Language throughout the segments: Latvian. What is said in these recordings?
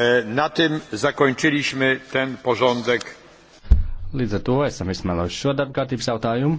E, na tym zakończyliśmy ten porządek. Līdz ar to esam izsmēlojuši šo darbkārtības jautājumu.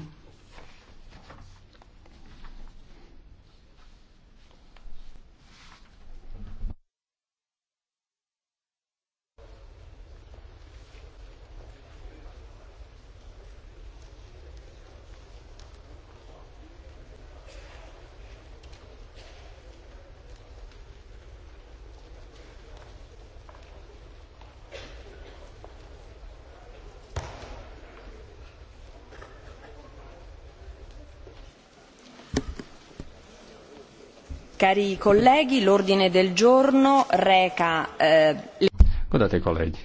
Cari colleghi, l'ordine del giorno reca. Eh... Godātie kolēģi,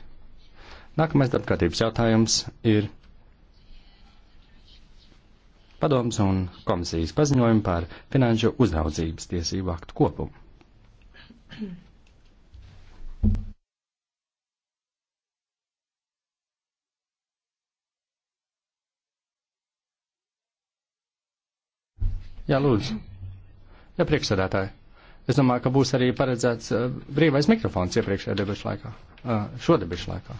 nākamais darbkārtības jautājums ir padoms un komisijas paziņojumi par finanšu uzraudzības tiesību aktu kopumu. Jā, lūdzu. Ja priekšsēdētāji, es domāju, ka būs arī paredzēts uh, brīvais mikrofons iepriekšējā debašu laikā, uh, šo debašu laikā.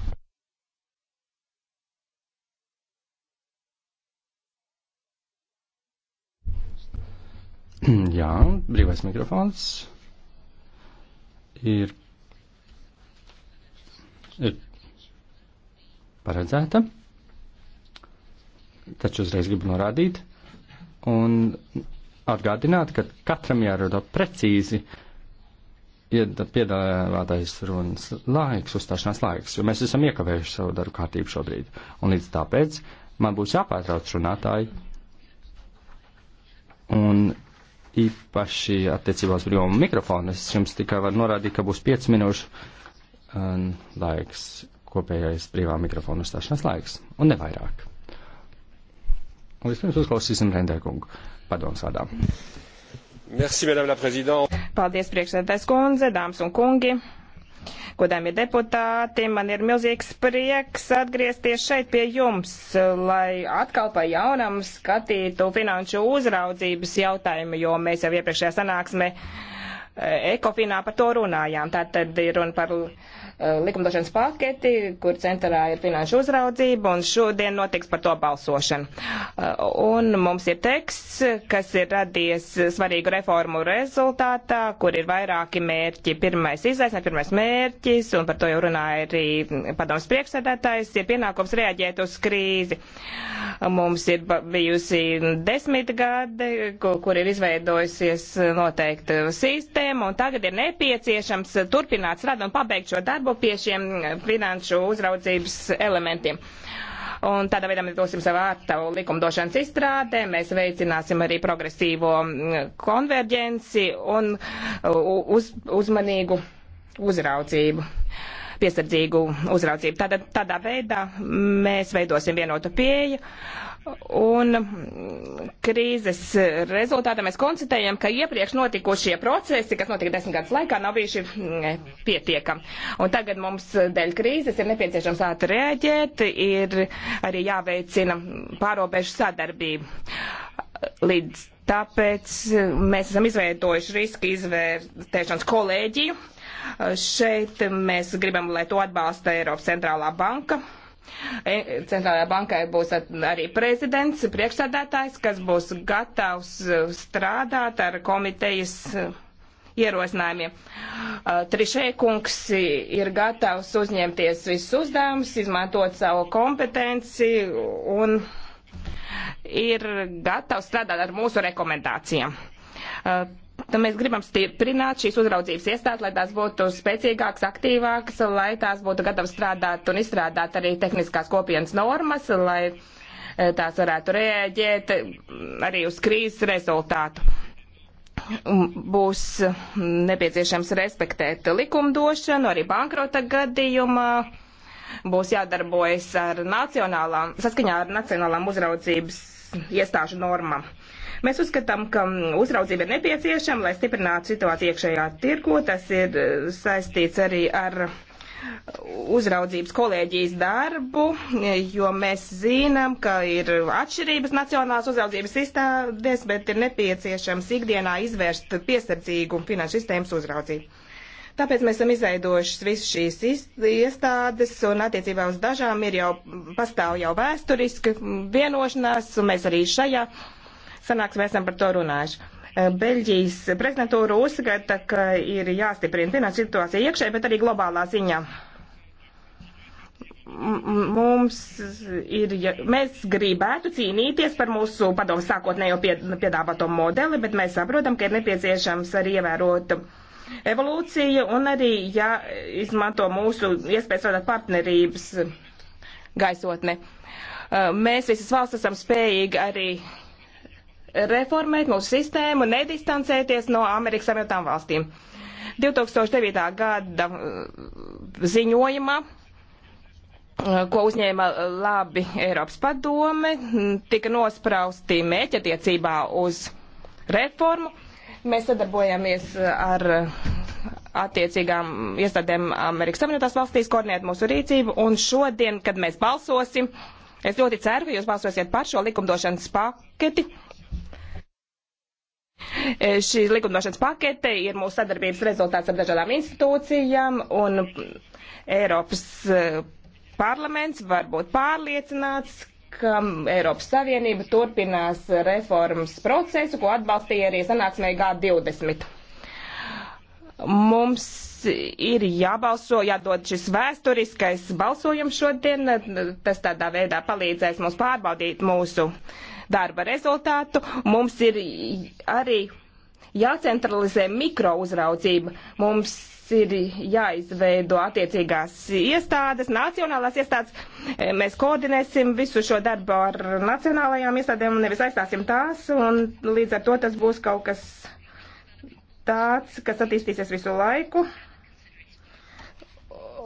Jā, brīvais mikrofons ir, ir paredzēta, taču uzreiz gribu norādīt, un atgādināt, ka katram jārada precīzi piedāvātais runas laiks, uzstāšanās laiks, jo mēs esam iekavējuši savu darbu kārtību šobrīd. Un līdz tāpēc man būs jāpārtrauc runātāji. Un īpaši attiecībās brīvo mikrofonu es jums tikai varu norādīt, ka būs 5 minūšu um, laiks, kopējais brīvā mikrofonu uzstāšanās laiks, un nevairāk. Līdz pirms uzklausīsim Rendēkungu padomus vārdā. Merci, Paldies, priekšsēdētājs kundze, dāmas un kungi. Godāmie deputāti, man ir milzīgs prieks atgriezties šeit pie jums, lai atkal pa jaunam skatītu finanšu uzraudzības jautājumu, jo mēs jau iepriekšējā sanāksmē eh, Ekofinā par to runājām. Tātad ir runa par Eh, likumdošanas paketi, kur centrā ir finanšu uzraudzība, un šodien notiks par to balsošana. Eh, un mums ir teksts, kas ir radies svarīgu reformu rezultātā, kur ir vairāki mērķi. Pirmais izaicinājums, pirmais mērķis, un par to jau runāja arī padoms priekšsēdētājs, ir pienākums reaģēt uz krīzi. Mums ir bijusi desmit gadi, kur ir izveidojusies noteikta sistēma, un tagad ir nepieciešams turpināt strādāt un pabeigt šo darbu darbu pie šiem finanšu uzraudzības elementiem. Un tādā veidā mēs dosim savu ārtavu likumdošanas izstrādē, mēs veicināsim arī progresīvo konverģenci un uz, uzmanīgu uzraudzību piesardzīgu uzraudzību. Tādā, tādā veidā mēs veidosim vienotu pieeju Un mm, krīzes rezultātā mēs konstatējam, ka iepriekš notikušie procesi, kas notika desmit gadus laikā, nav bijuši mm, pietiekami. Un tagad mums dēļ krīzes ir nepieciešams ātri rēģēt, ir arī jāveicina pārobežu sadarbība. Līdz tāpēc mm, mēs esam izveidojuši riska izvērtēšanas kolēģiju. Šeit mēs gribam, lai to atbalsta Eiropas centrālā banka E, centrālajā bankai būs arī prezidents, priekšsādātājs, kas būs gatavs e, strādāt ar komitejas e, ierosinājumiem. Trišēkungs ir gatavs uzņemties visus uzdevumus, izmantot savu kompetenci un ir gatavs strādāt ar mūsu rekomendācijām. Nu, mēs gribam stiprināt šīs uzraudzības iestādes, lai tās būtu spēcīgākas, aktīvākas, lai tās būtu gatavas strādāt un izstrādāt arī tehniskās kopienas normas, lai e, tās varētu rēģēt mm, arī uz krīzes rezultātu. Būs nepieciešams respektēt likumdošanu, arī bankrota gadījumā būs jādarbojas ar nacionālām, saskaņā ar nacionālām uzraudzības iestāžu normām. Mēs uzskatām, ka mm, uzraudzība ir nepieciešama, lai stiprinātu situāciju iekšējā tirgu. Tas ir eh, saistīts arī ar uzraudzības kolēģijas darbu, jo mēs zinām, ka ir atšķirības nacionālās uzraudzības izstādēs, bet ir nepieciešams ikdienā izvērst piesardzīgu finanšu sistēmas uzraudzību. Tāpēc mēs esam izveidojuši visu šīs iestādes, un attiecībā uz dažām ir jau pastāv jau vēsturiski vienošanās, un mēs arī šajā uh, sanāksmē esam par to runājuši. Eh, Beļģijas prezidentūra uzskata, ka ir jāstiprina finanšu situācija iekšē, bet arī globālā ziņā. Mums ir, ja, mēs gribētu cīnīties par mūsu padomu sākotnējo piedāvāto modeli, bet mēs saprotam, ka ir nepieciešams arī ievērot evolūciju un arī jāizmanto ja mūsu iespējas strādāt partnerības gaisotne. Eh, mēs visas valsts esam spējīgi arī reformēt mūsu sistēmu, nedistancēties no Amerikas Savienotām valstīm. 2009. gada uh, ziņojumā uh, ko uzņēma labi Eiropas padome, tika nosprausti mērķi attiecībā uz reformu. Mēs sadarbojamies uh, ar attiecīgām iestādēm Amerikas Savienotās valstīs, koordinēt mūsu rīcību, un šodien, kad mēs balsosim, es ļoti ceru, ka jūs balsosiet par šo likumdošanas paketi. Uh, E, Šī likumdošanas pakete ir mūsu sadarbības rezultāts ar dažādām institūcijām, un Eiropas e, parlaments var būt pārliecināts, ka Eiropas Savienība turpinās reformas procesu, ko atbalstīja arī sanāksmē G20. Mums ir jābalso, jādod šis vēsturiskais balsojums šodien. Tas tādā veidā palīdzēs mums pārbaudīt mūsu uh, darba rezultātu. Mums ir arī jācentralizē mikrouzraudzība. Mums ir jāizveido attiecīgās iestādes, nacionālās iestādes. E, mēs koordinēsim visu šo darbu ar nacionālajām iestādēm un nevis aizstāsim tās, un līdz ar to tas būs kaut kas tāds, kas attīstīsies visu laiku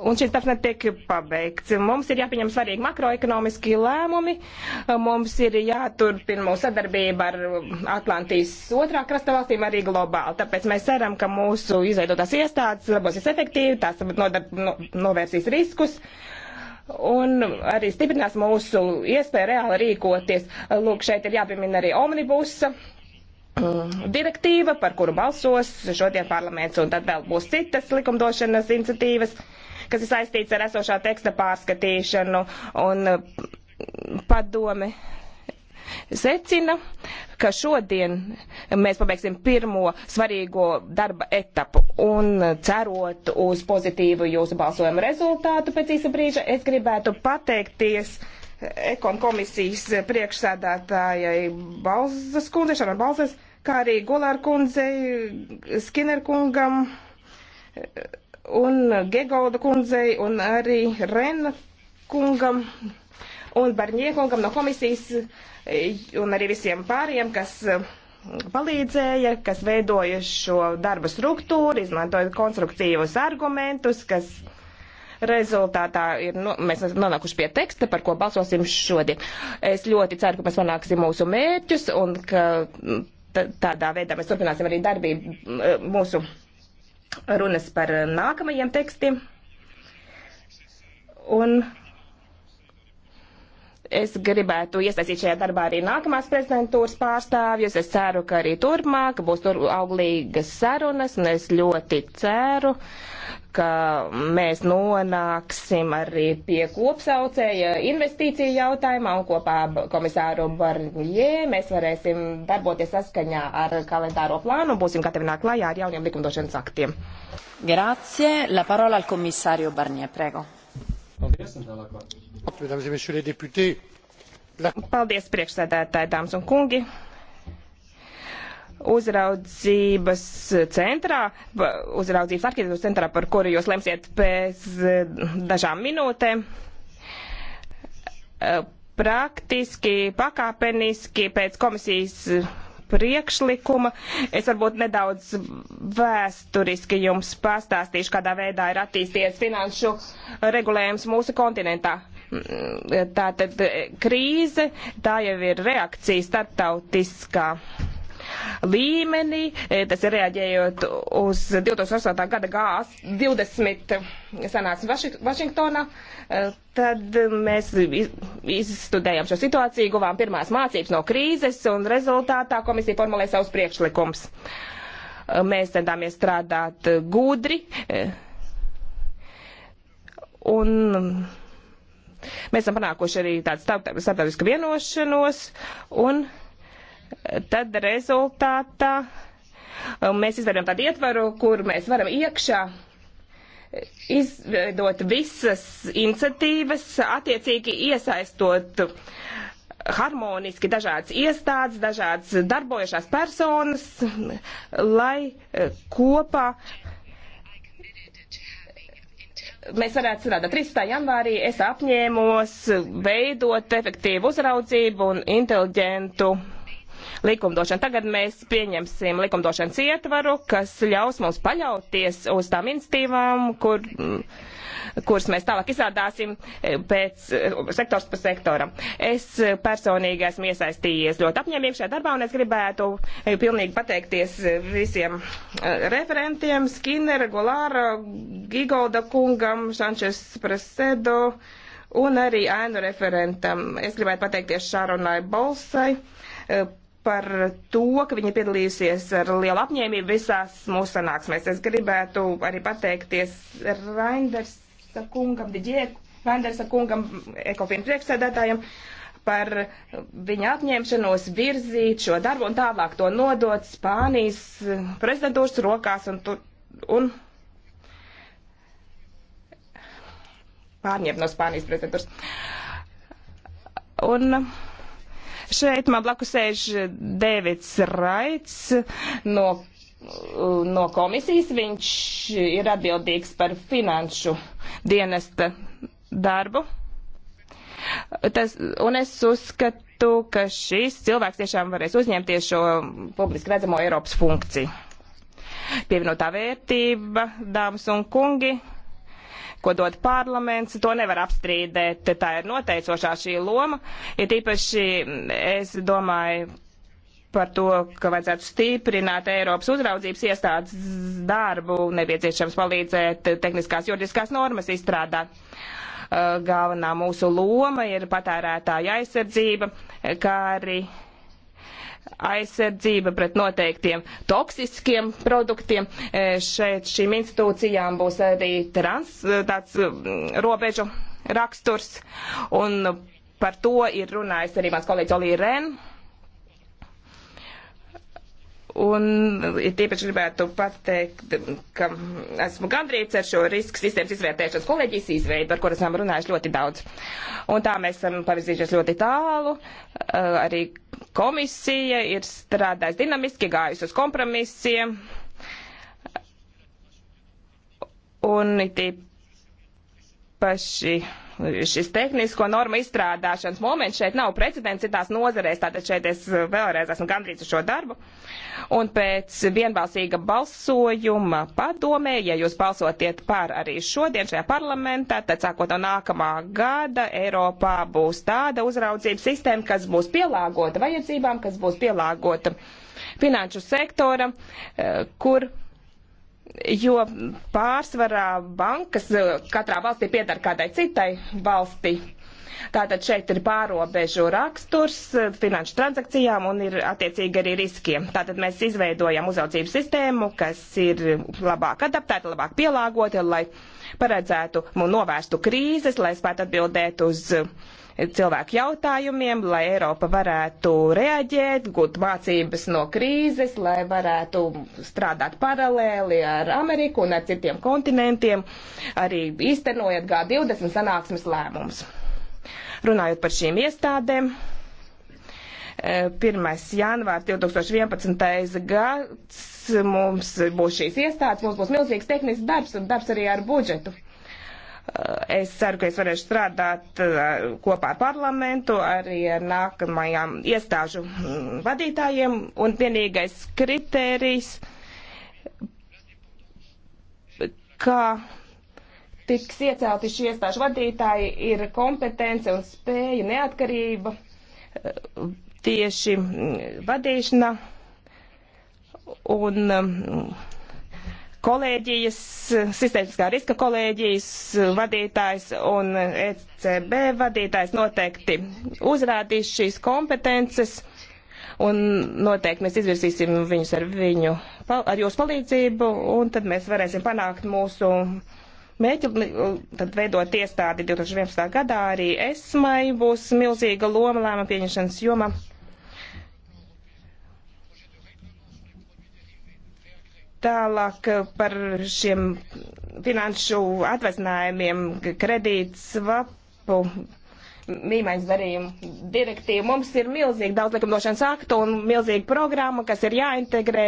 un šis darbs netiek pabeigts. Mums ir jāpieņem svarīgi makroekonomiski lēmumi, mums ir jāturpina mūsu sadarbība ar Atlantijas otrā krasta valstīm arī globāli. Tāpēc mēs ceram, ka mūsu izveidotās iestādes labosies efektīvi, tās nodar, no, novērsīs riskus. Un arī stiprinās mūsu iespēju reāli rīkoties. Lūk, šeit ir jāpiemina arī omnibusa mm, direktīva, par kuru balsos šodien parlaments, un tad vēl būs citas likumdošanas iniciatīvas. Uh, kas ir saistīts ar esošā teksta pārskatīšanu. Un mm, padome secina, ka šodien mēs pabeigsim pirmo svarīgo darba etapu un cerot uz pozitīvu jūsu balsojumu rezultātu pēc īsa brīža, es gribētu pateikties Ekon komisijas priekšsēdētājai Balzas kundze, Šana Balzas, kā arī Gulāra kundze, Skinner kungam, un Gegolda kundzei un arī Rena kungam un Barņiekungam no komisijas un arī visiem pāriem, kas eh, palīdzēja, kas veidoja šo darba struktūru, izmantoja konstruktīvus argumentus, kas rezultātā ir, nu, mēs esam nonākuši pie teksta, par ko balsosim šodien. Es ļoti ceru, ka mēs panāksim mūsu mērķus un ka tādā veidā mēs turpināsim arī darbību mūsu runas par nākamajiem tekstiem. Un Es gribētu iesaistīt šajā darbā arī nākamās prezidentūras pārstāvjus. Es ceru, ka arī turpmāk būs tur auglīgas sarunas, un es ļoti ceru, ka mēs nonāksim arī pie kopsaucēja investīciju jautājumā, un kopā komisāru Barņē mēs varēsim darboties saskaņā ar kalendāro plānu un būsim gatavi nākt klajā ar jauniem likumdošanas aktiem. Grazie. La parola al komisāru Barņē, prego. Paldies, un tālāk présidente mesdames et messieurs les députés Paldies, priekšsēdētāji, dāmas un kungi! Uzraudzības centrā, uzraudzības arhitektūras centrā, par kuru jūs lemsiet pēc eh, dažām minūtēm, eh, praktiski, pakāpeniski pēc komisijas priekšlikuma. Es varbūt nedaudz vēsturiski jums pastāstīšu, kādā veidā ir attīstījies finanšu regulējums mūsu kontinentā. Tātad eh, krīze, tā jau ir reakcija startautiskā līmenī, eh, tas ir reaģējot uz 2008. gada G20 sanāksmi Vašingtonā, eh, tad mēs izstudējām šo situāciju, guvām pirmās mācības no krīzes un rezultātā komisija formulēja savus priekšlikums. Mēs centāmies strādāt gudri un Mēs esam panākuši arī tādu starptautisku vienošanos, un tad rezultātā um, mēs izveidojam tādu ietvaru, kur mēs varam iekšā izveidot visas iniciatīvas, attiecīgi iesaistot harmoniski dažādas iestādes, dažādas darbojušās personas, lai eh, kopā mēs varētu strādāt. 3. janvārī es apņēmos veidot efektīvu uzraudzību un inteliģentu likumdošanu. Tagad mēs pieņemsim likumdošanas ietvaru, kas ļaus mums paļauties uz tām institīvām, kur, kuras mēs tālāk izrādāsim pēc sektors pa sektoram. Es personīgi esmu iesaistījies ļoti apņēmīgi šajā darbā, un es gribētu pilnīgi pateikties visiem eh, referentiem, Skinner, Golāra, Gigolda kungam, Šančes Presedo un arī ēnu referentam. Es gribētu pateikties Šārunai Bolsai eh, par to, ka viņa piedalījusies ar lielu apņēmību visās mūsu sanāksmēs. Es gribētu arī pateikties Reindersa kungam, Diģie Reindersa kungam, ekofinu priekšsēdētājiem par viņa apņemšanos virzīt šo darbu un tālāk to nodot Spānijas prezidentūras rokās un, tur, un pārņemt no Spānijas prezidentūras. Un, uh, Šeit man blakus sēž eh, Dēvids Raits no, no komisijas. Viņš ir atbildīgs par finanšu dienesta darbu. Tas, un es uzskatu, ka šis cilvēks tiešām varēs uzņemties šo publiski redzamo Eiropas funkciju. Pievienotā vērtība, dāmas un kungi ko dod parlaments, to nevar apstrīdēt. Tā ir noteicošā šī loma. Ir ja tīpaši, mm, es domāju, par to, ka vajadzētu stiprināt Eiropas uzraudzības iestādes darbu, nepieciešams palīdzēt tehniskās juridiskās normas izstrādāt. Galvenā mūsu loma ir patērētāja aizsardzība, kā arī aizsardzība pret noteiktiem toksiskiem produktiem. E, šeit šīm institūcijām būs arī trans, e, tāds robežu raksturs, un par to ir runājis arī mans kolēģis Olī Ren Un ja tīpaši gribētu pateikt, ka esmu gandrīz ar šo risku sistēmas izvērtēšanas kolēģijas izveidu, par kur esam runājuši ļoti daudz. Un tā mēs esam pavirzījušies ļoti tālu. Eh, arī komisija ir strādājusi dinamiski, gājusi uz kompromisiem. Un tīpaši šis tehnisko normu izstrādāšanas moments šeit nav precedents citās nozarēs, tātad šeit es uh, vēlreiz esmu gandrīz uz šo darbu. Un pēc vienbalsīga balsojuma padomē, ja jūs balsotiet par arī šodien šajā parlamentā, tad sākot no nākamā gada Eiropā būs tāda uzraudzības sistēma, kas būs pielāgota vajadzībām, kas būs pielāgota finanšu sektora, uh, kur jo pārsvarā bankas eh, katrā valstī piedar kādai citai valstī. Tātad šeit ir pārobežu raksturs eh, finanšu transakcijām un ir attiecīgi arī riskiem. Tātad mēs izveidojam uzraudzības sistēmu, kas ir labāk adaptēta, labāk pielāgota, lai paredzētu un novērstu krīzes, lai spētu atbildēt uz cilvēku jautājumiem, lai Eiropa varētu reaģēt, gūt mācības no krīzes, lai varētu strādāt paralēli ar Ameriku un ar citiem kontinentiem, arī īstenojot G20 sanāksmes lēmumus. Runājot par šīm iestādēm, 1. Eh, janvārs 2011. gads mums būs šīs iestādes, mums būs milzīgs tehnisks darbs un darbs arī ar budžetu Eh, es ceru, ka es varēšu strādāt eh, kopā ar parlamentu, arī ar nākamajām iestāžu mm, vadītājiem, un vienīgais kriterijs, kā tiks iecelti šie iestāžu vadītāji, ir kompetence un spēja neatkarība eh, tieši mm, vadīšana un mm, kolēģijas, sistēmiskā riska kolēģijas vadītājs un ECB vadītājs noteikti uzrādīs šīs kompetences. Un noteikti mēs izvirsīsim viņus ar, viņu, ar jūsu palīdzību, un tad mēs varēsim panākt mūsu mēģi, uh, tad veidot iestādi 2011. gadā. Arī esmai būs milzīga loma lēma pieņemšanas jomā. Tālāk eh, par šiem finanšu atvasinājumiem, kredīts, svapu, mīmaiņas darījumu direktīvu. Mums ir milzīgi daudz likumdošanas aktu un milzīga programma, kas ir jāintegrē,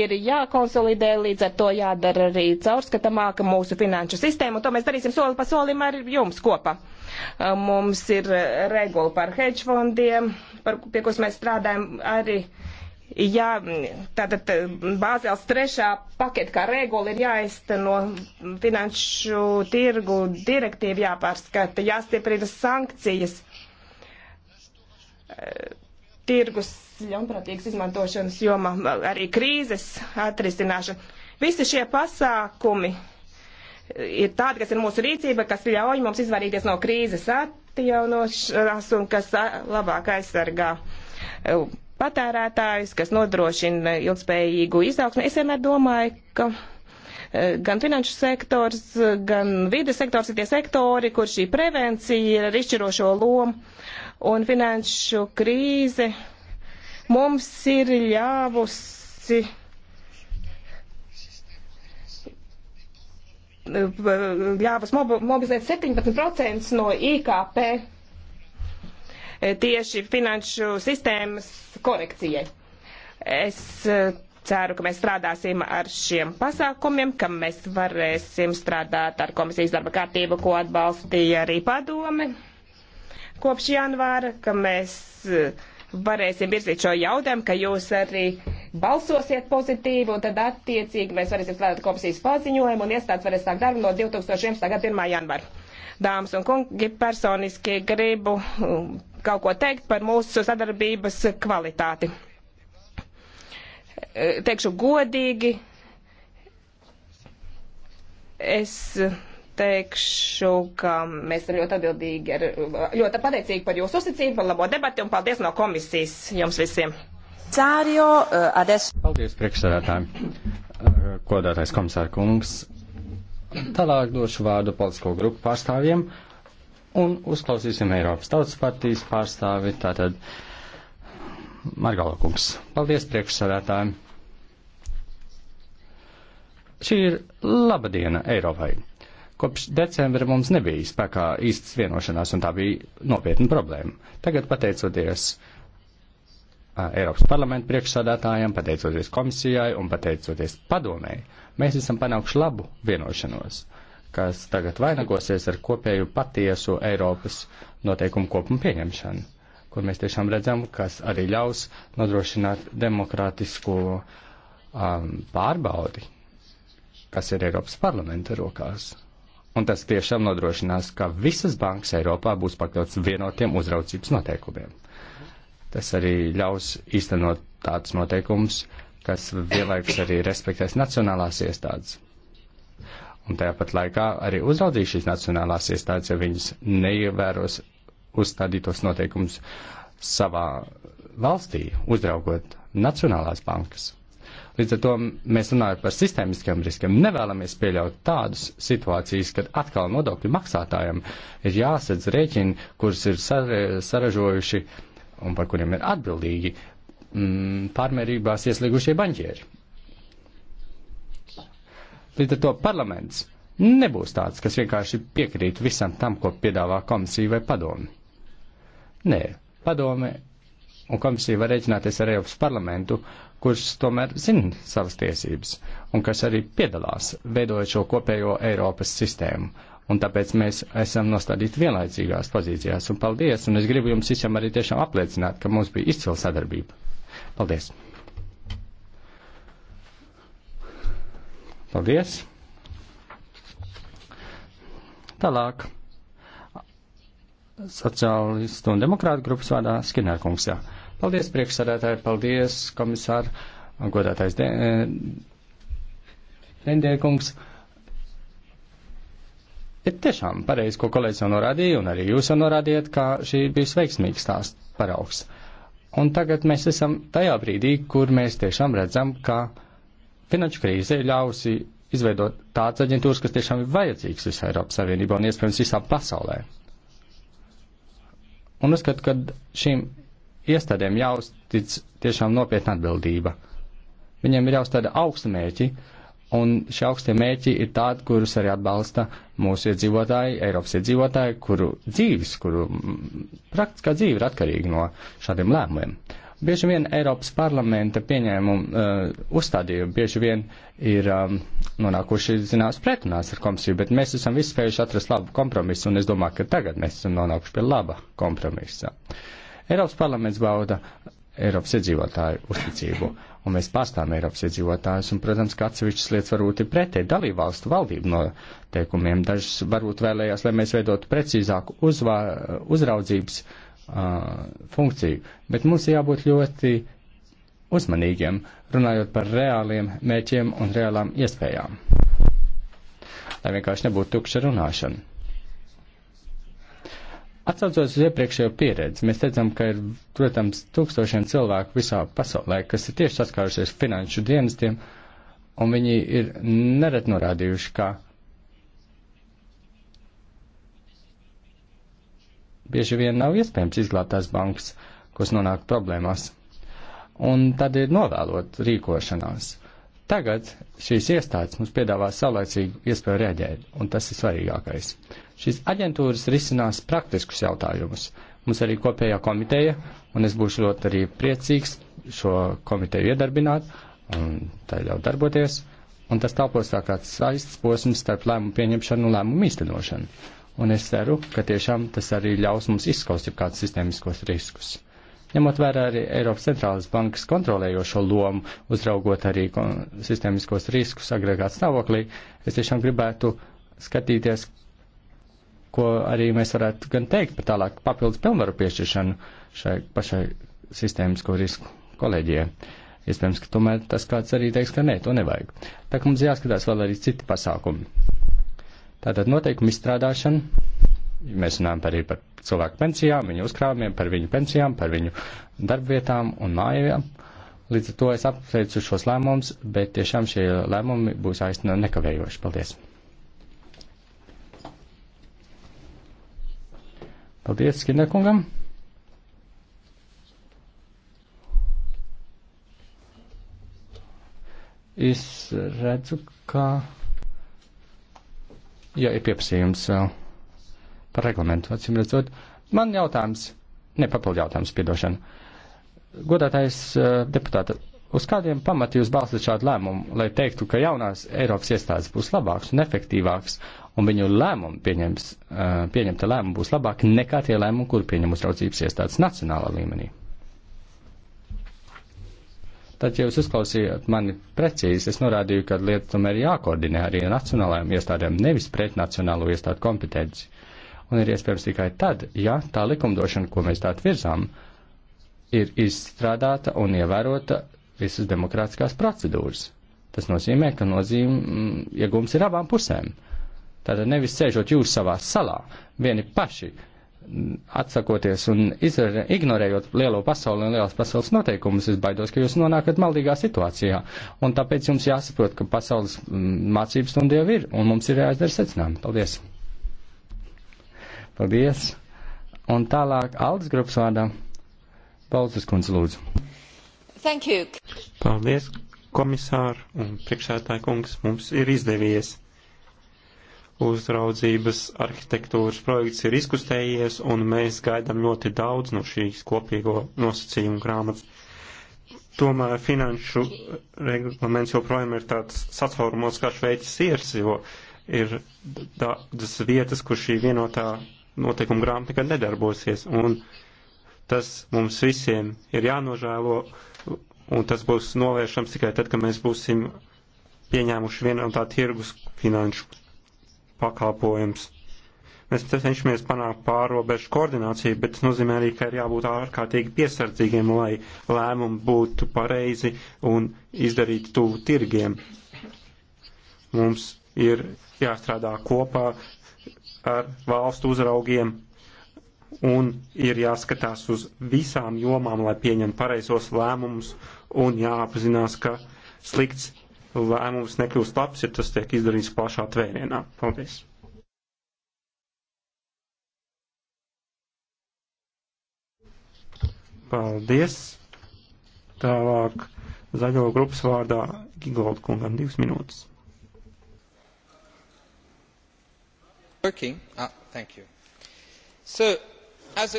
ir jākonsolidē, līdz ar to jādara arī caurskatāmāka mūsu finanšu sistēma, un to mēs darīsim soli pa solim ar jums kopā. Eh, mums ir regula par hedge fondiem, par, pie kuras mēs strādājam arī. Uh, ja tātad eh, Bāzēls trešā paketa kā regula ir jāizteno finanšu tirgu direktīva jāpārskata, jāstieprina sankcijas eh, tirgus ļaunprātīgas izmantošanas jomā, arī krīzes atrisināšana. Visi šie pasākumi eh, ir tādi, kas ir mūsu rīcība, kas ļauj mums izvairīties no krīzes atjaunošanas un kas labāk aizsargā patērētājus, kas nodrošina ilgspējīgu izaugsmu. Es vienmēr domāju, ka e, gan finanšu sektors, gan vides sektors ir tie sektori, kur šī prevencija ir izšķirošo lomu. Un finanšu krīze mums ir ļāvusi e, ļāvus mobilizēt 17% no IKP tieši finanšu sistēmas korekcijai. Es eh, ceru, ka mēs strādāsim ar šiem pasākumiem, ka mēs varēsim strādāt ar komisijas darba kārtību, ko atbalstīja arī padome kopš janvāra, ka mēs eh, varēsim virzīt šo jautājumu, ka jūs arī balsosiet pozitīvi, un tad attiecīgi mēs varēsim strādāt komisijas paziņojumu, un iestādes varēs sākt darbu no 2011. gada 1. janvāra. Dāmas un kungi, personiski gribu kaut ko teikt par mūsu sadarbības kvalitāti. E, teikšu godīgi, es teikšu, ka mēs esam ļoti atbildīgi, ar, ļoti pateicīgi par jūsu uzticību, par labo debati un paldies no komisijas jums visiem. Cārio, e, ades. Paldies priekšsēdētājiem. Kodātais komisāra kungs. Tālāk došu vārdu politisko grupu pārstāvjiem un uzklausīsim Eiropas Tautas partijas pārstāvi, tātad Margalokungs. Paldies priekšsādātājiem! Šī ir laba diena Eiropai. Kopš decembra mums nebija spēkā īsts vienošanās, un tā bija nopietna problēma. Tagad, pateicoties Eiropas parlamenta priekšsādātājiem, pateicoties komisijai un pateicoties padomēji, mēs esam panākuši labu vienošanos. Uh, kas tagad vainagosies ar kopēju patiesu Eiropas noteikumu kopumu pieņemšanu, kur mēs tiešām redzam, kas arī ļaus nodrošināt demokrātisku um, pārbaudi, kas ir Eiropas parlamenta rokās. Un tas tiešām nodrošinās, ka visas bankas Eiropā būs pakļauts vienotiem uzraucības noteikumiem. Tas arī ļaus īstenot tādus noteikumus, kas vienlaikus arī respektēs nacionālās iestādes Un tāpat laikā arī uzraudzīs šīs nacionālās iestādes, ja viņas neievēros uzstādītos noteikumus savā valstī, uzraugot nacionālās bankas. Līdz ar to mēs runājam par sistēmiskiem riskiem. Nevēlamies pieļaut tādas situācijas, kad atkal nodokļu maksātājiem ir jāsadz rēķini, kurus ir saražojuši un par kuriem ir atbildīgi mm, pārmērībās ieslīgušie banķieri. Līdz ar to parlaments nebūs tāds, kas vienkārši piekrīt visam tam, ko piedāvā komisija vai padome. Nē, padome un komisija var rēķināties ar Eiropas parlamentu, kurš tomēr zina savas tiesības un kas arī piedalās veidojot šo kopējo Eiropas sistēmu. Un tāpēc mēs esam nostādīti vienlaicīgās pozīcijās. Un paldies! Un es gribu jums visiem arī tiešām apliecināt, ka mums bija izcila sadarbība. Paldies! Paldies! Tālāk. Sociālistu un demokrātu grupas vārdā Skinērkungs. Jā. Paldies, priekšsādātāji, paldies, komisāri, godātais Dendēkungs. Ir tiešām pareizi, ko kolēģis jau norādīja, un arī jūs jau norādījat, ka šī bija veiksmīgs stāsts paraugs. Un tagad mēs esam tajā brīdī, kur mēs tiešām redzam, ka Finanšu krīze ir ļāvusi izveidot tādas aģentūras, kas tiešām ir vajadzīgas visā Eiropas Savienībā un iespējams visā pasaulē. Un uzskatu, ka šīm iestādēm jāuztic tiešām nopietna atbildība. Viņiem ir jāuzstāda augsta mērķi, un šie augstie mērķi ir tādi, kurus arī atbalsta mūsu iedzīvotāji, Eiropas iedzīvotāji, kuru dzīves, kuru praktiskā dzīve ir atkarīga no šādiem lēmumiem. Uh, Bieži vien Eiropas parlamenta pieņēmumu uh, eh, uzstādījumi bieži vien ir um, nonākuši zinās pretunās ar komisiju, bet mēs esam visi spējuši atrast labu kompromisu, un es domāju, ka tagad mēs esam nonākuši pie laba kompromisa. Eiropas parlaments bauda Eiropas iedzīvotāju uzticību, un mēs pārstāvam Eiropas iedzīvotājus, un, protams, ka atsevišķas lietas varbūt ir pretēji dalībvalstu valdību noteikumiem. Dažas varbūt vēlējās, lai mēs veidotu precīzāku uzvā, uzraudzības uh, funkciju, bet mums ir jābūt ļoti uzmanīgiem, runājot par reāliem mērķiem un reālām iespējām. Lai vienkārši nebūtu tukša runāšana. Atcaucoties uz iepriekšējo pieredzi, mēs redzam, ka ir, protams, tūkstošiem cilvēku visā pasaulē, kas ir tieši saskārušies finanšu dienestiem, un viņi ir neret norādījuši, ka bieži vien nav iespējams izglābt tās bankas, kas nonāk problēmās. Un tad ir novēlot rīkošanās. Tagad šīs iestādes mums piedāvā saulēcīgu iespēju reaģēt, un tas ir svarīgākais. Šīs aģentūras risinās praktiskus jautājumus. Mums arī kopējā komiteja, un es būšu ļoti arī priecīgs šo komiteju iedarbināt, un tā jau darboties, un tas talpos tā kāds saists posms starp lēmumu pieņemšanu un lēmumu īstenošanu un es ceru, ka tiešām tas arī ļaus mums izskaust jau kādus sistēmiskos riskus. Ņemot vērā arī Eiropas centrālās bankas kontrolējošo lomu, uzraugot arī sistēmiskos riskus agregāt stāvoklī, es tiešām gribētu skatīties, ko arī mēs varētu gan teikt par tālāk papildus pilnvaru piešķiršanu šai pašai sistēmisko risku kolēģijai. Iespējams, ka tomēr tas kāds arī teiks, ka nē, to nevajag. Tā kā mums jāskatās vēl arī citi pasākumi. Tātad noteikumu izstrādāšana, mēs runājam arī par cilvēku pensijām, viņu uzkrājumiem, par viņu pensijām, par viņu darbvietām un mājām. Līdz ar to es apsveicu šos lēmumus, bet tiešām šie lēmumi būs aizsna nekavējoši. Paldies! Paldies Skinderkungam! Es redzu, ka. Kā ja ir pieprasījums uh, par reglamentu. Atcīm redzot, man jautājums, ne papildu jautājums, piedošana. Godātais uh, deputāta, uz kādiem pamatiem jūs balstat šādu lēmumu, lai teiktu, ka jaunās Eiropas iestādes būs labāks un efektīvāks, un viņu lēmumu pieņems, uh, pieņemta lēmuma būs labāka nekā tie lēmumi, kur pieņem uzraudzības iestādes nacionālā līmenī? Tad, ja jūs uzklausījāt mani precīzi, es norādīju, ka lietas tomēr jākoordinē arī nacionālajām iestādēm, nevis pret nacionālo iestādu kompetenci. Un ir iespējams tikai tad, ja tā likumdošana, ko mēs tādu virzām, ir izstrādāta un ievērota visas demokrātiskās procedūras. Tas nozīmē, ka nozīme mm, iegums ir abām pusēm. Tātad nevis sēžot jūs savā salā, vieni paši atsakoties un izra, ignorējot lielo pasauli un lielās pasaules noteikumus, es baidos, ka jūs nonākat maldīgā situācijā. Un tāpēc jums jāsaprot, ka pasaules mm, mācības stunda jau ir, un mums ir jāizdara secinājumi. Paldies! Paldies! Un tālāk Aldis grupas vārdā Paulis Kundze lūdzu. Thank you. Paldies, komisār un priekšētāji kungs, mums ir izdevies uzraudzības arhitektūras projekts ir izkustējies, un mēs gaidām ļoti daudz no šīs kopīgo nosacījumu grāmatas. Tomēr finanšu reglaments joprojām ir tāds sacaurumos kā šveicis siers, jo ir daudzas vietas, kur šī vienotā noteikuma grāmata nekad nedarbosies, un tas mums visiem ir jānožēlo, un tas būs novēršams tikai tad, kad mēs būsim pieņēmuši vienotā tirgus finanšu pakāpojums. Mēs cenšamies panākt pārobežu koordināciju, bet tas nozīmē arī, ka ir jābūt ārkārtīgi piesardzīgiem, lai lēmumi būtu pareizi un izdarīti tuvu tirgiem. Mums ir jāstrādā kopā ar valstu uzraugiem un ir jāskatās uz visām jomām, lai pieņemtu pareizos lēmumus un jāapzinās, ka slikts lēmums nekļūst labs, ja tas tiek izdarīts plašā tvērienā. Paldies! Paldies! Tālāk zaļo grupas vārdā Gigolda kungam divas minūtes. Working. Ah, thank you. So, Es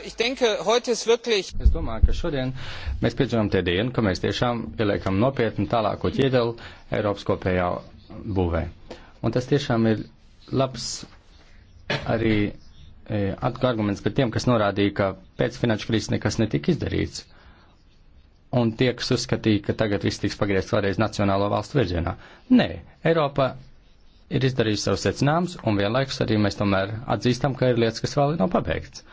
domāju, ka šodien mēs piedzīvojam te dienu, ka mēs tiešām ieliekam nopietnu tālāko ķiedelu Eiropas kopējā būvē. Un tas tiešām ir labs arī e, arguments par tiem, kas norādīja, ka pēc finanšu krīzes nekas netika izdarīts. Un tie, kas uzskatīja, ka tagad viss tiks pagriezts vēlreiz nacionālo valstu virzienā. Nē, Eiropa ir izdarījusi savus secinājumus, un vienlaikus arī mēs tomēr atzīstam, ka ir lietas, kas vēl nav pabeigts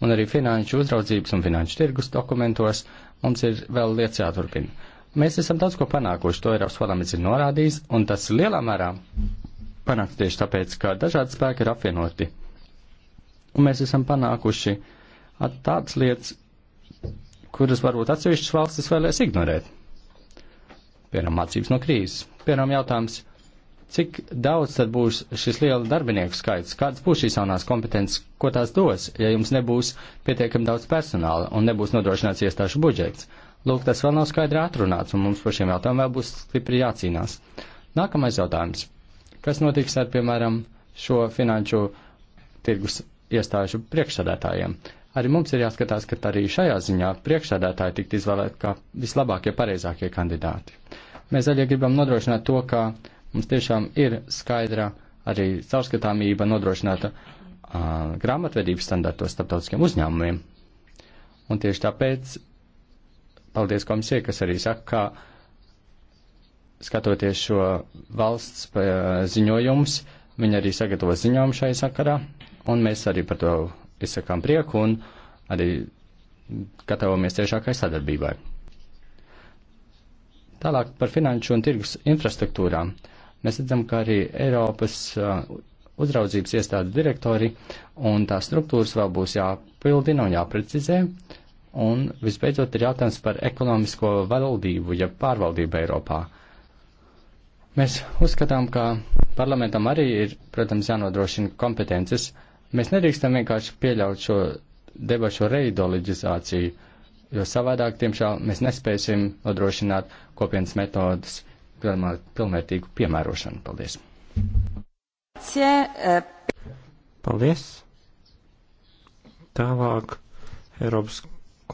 un arī finanšu uzraudzības un finanšu tirgus dokumentos mums ir vēl lietas jāturpina. Mēs esam daudz ko panākuši, to Eiropas parlaments ir norādījis, un tas lielā mērā panāks tieši tāpēc, ka dažādi spēki ir apvienoti. Un mēs esam panākuši tādas lietas, kuras varbūt atsevišķas valstis vēlēs ignorēt. Piemēram, mācības no krīzes. Piemēram, jautājums, Cik daudz tad būs šis liela darbinieku skaits? Kādas būs šīs jaunās kompetences? Ko tās dos, ja jums nebūs pietiekami daudz personāla un nebūs nodrošināts iestāšu budžets? Lūk, tas vēl nav skaidri atrunāts, un mums par šiem jautājumiem vēl būs stipri jācīnās. Nākamais jautājums. Kas notiks ar, piemēram, šo finanšu tirgus iestāžu priekšsādātājiem? Arī mums ir jāskatās, ka arī šajā ziņā priekšsādātāji tikt izvēlēti kā vislabākie, pareizākie kandidāti. Mēs zaļie gribam nodrošināt to, ka Mums tiešām ir skaidra arī caurskatāmība nodrošināta uh, grāmatvedības standartos starptautiskiem uzņēmumiem. Un tieši tāpēc paldies komisijai, kas arī saka, ka skatoties šo valsts ziņojumus, viņi arī sagatavo ziņojumu šai sakarā, un mēs arī par to izsakām prieku un arī gatavojamies tiešākai sadarbībai. Tālāk par finanšu un tirgus infrastruktūrām. Uh, mēs redzam, ka arī Eiropas uh, uzraudzības iestādes direktori un tās struktūras vēl būs jāpildina un jāprecizē. Un visbeidzot ir jautājums par ekonomisko valdību, ja pārvaldību Eiropā. Mēs uzskatām, ka parlamentam arī ir, protams, jānodrošina kompetences. Mēs nedrīkstam vienkārši pieļaut šo debašu reidoloģizāciju, jo savādāk, tiemžēl, mēs nespēsim nodrošināt kopienas metodas pilnvērtīgu piemērošanu. Paldies! Eh. Paldies! Tālāk Eiropas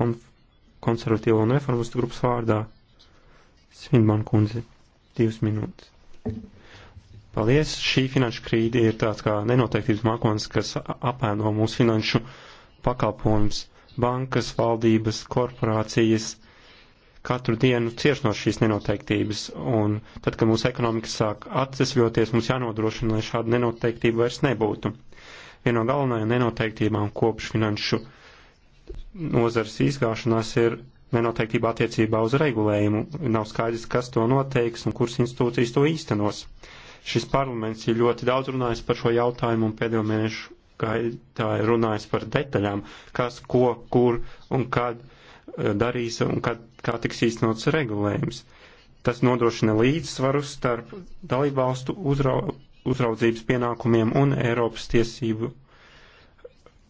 konservatīvo un reformistu grupas vārdā Svinban kundze divas minūtes. Paldies! Šī finanšu krīde ir tāds kā nenoteiktības mākonis, kas apēno mūsu finanšu pakalpojums. Bankas, valdības, korporācijas katru dienu cieš no šīs nenoteiktības, un tad, kad mūsu ekonomika sāk atcesļoties, mums jānodrošina, lai šāda nenoteiktība vairs nebūtu. Viena no galvenajām nenoteiktībām kopš finanšu nozars izgāšanās ir nenoteiktība attiecībā uz regulējumu. Nav skaidrs, kas to noteiks un kuras institūcijas to īstenos. Šis parlaments ir ļoti daudz runājis par šo jautājumu un pēdējo mēnešu gaitā runājis par detaļām, kas, ko, kur un kad darīs un kad, kā tiks īstenots regulējums. Tas nodrošina līdzsvaru starp dalībvalstu uzrau, uzraudzības pienākumiem un Eiropas tiesību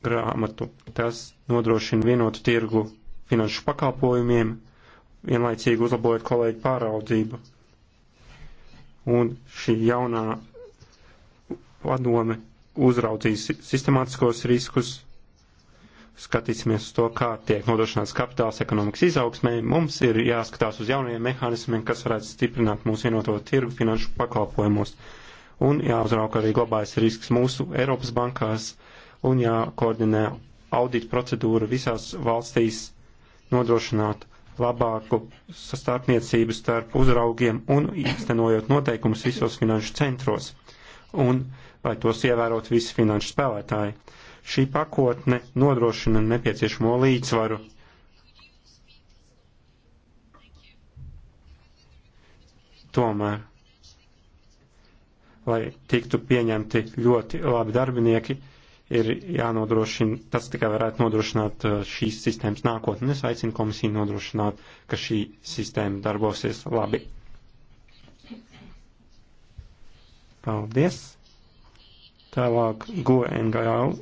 grāmatu. Tas nodrošina vienotu tirgu finanšu pakalpojumiem, vienlaicīgi uzlabojot kolēģu pāraudzību. Un šī jaunā padome uzraudzīs sistemātiskos riskus skatīsimies uz to, kā tiek nodrošināts kapitāls ekonomikas izaugsmē, mums ir jāskatās uz jaunajiem mehānismiem, kas varētu stiprināt mūsu vienoto tirgu finanšu pakalpojumos. Un jāuzrauka arī globājas risks mūsu Eiropas bankās un jākoordinē audita procedūra visās valstīs nodrošināt labāku sastāvniecību starp uzraugiem un īstenojot noteikumus visos finanšu centros un vai tos ievērot visi finanšu spēlētāji Šī pakotne nodrošina nepieciešamo līdzsvaru. Tomēr, lai tiktu pieņemti ļoti labi darbinieki, ir jānodrošina, tas tikai varētu nodrošināt uh, šīs sistēmas nākotni. Es aicinu komisiju nodrošināt, ka šī sistēma darbosies labi. Paldies! Tālāk GoNGL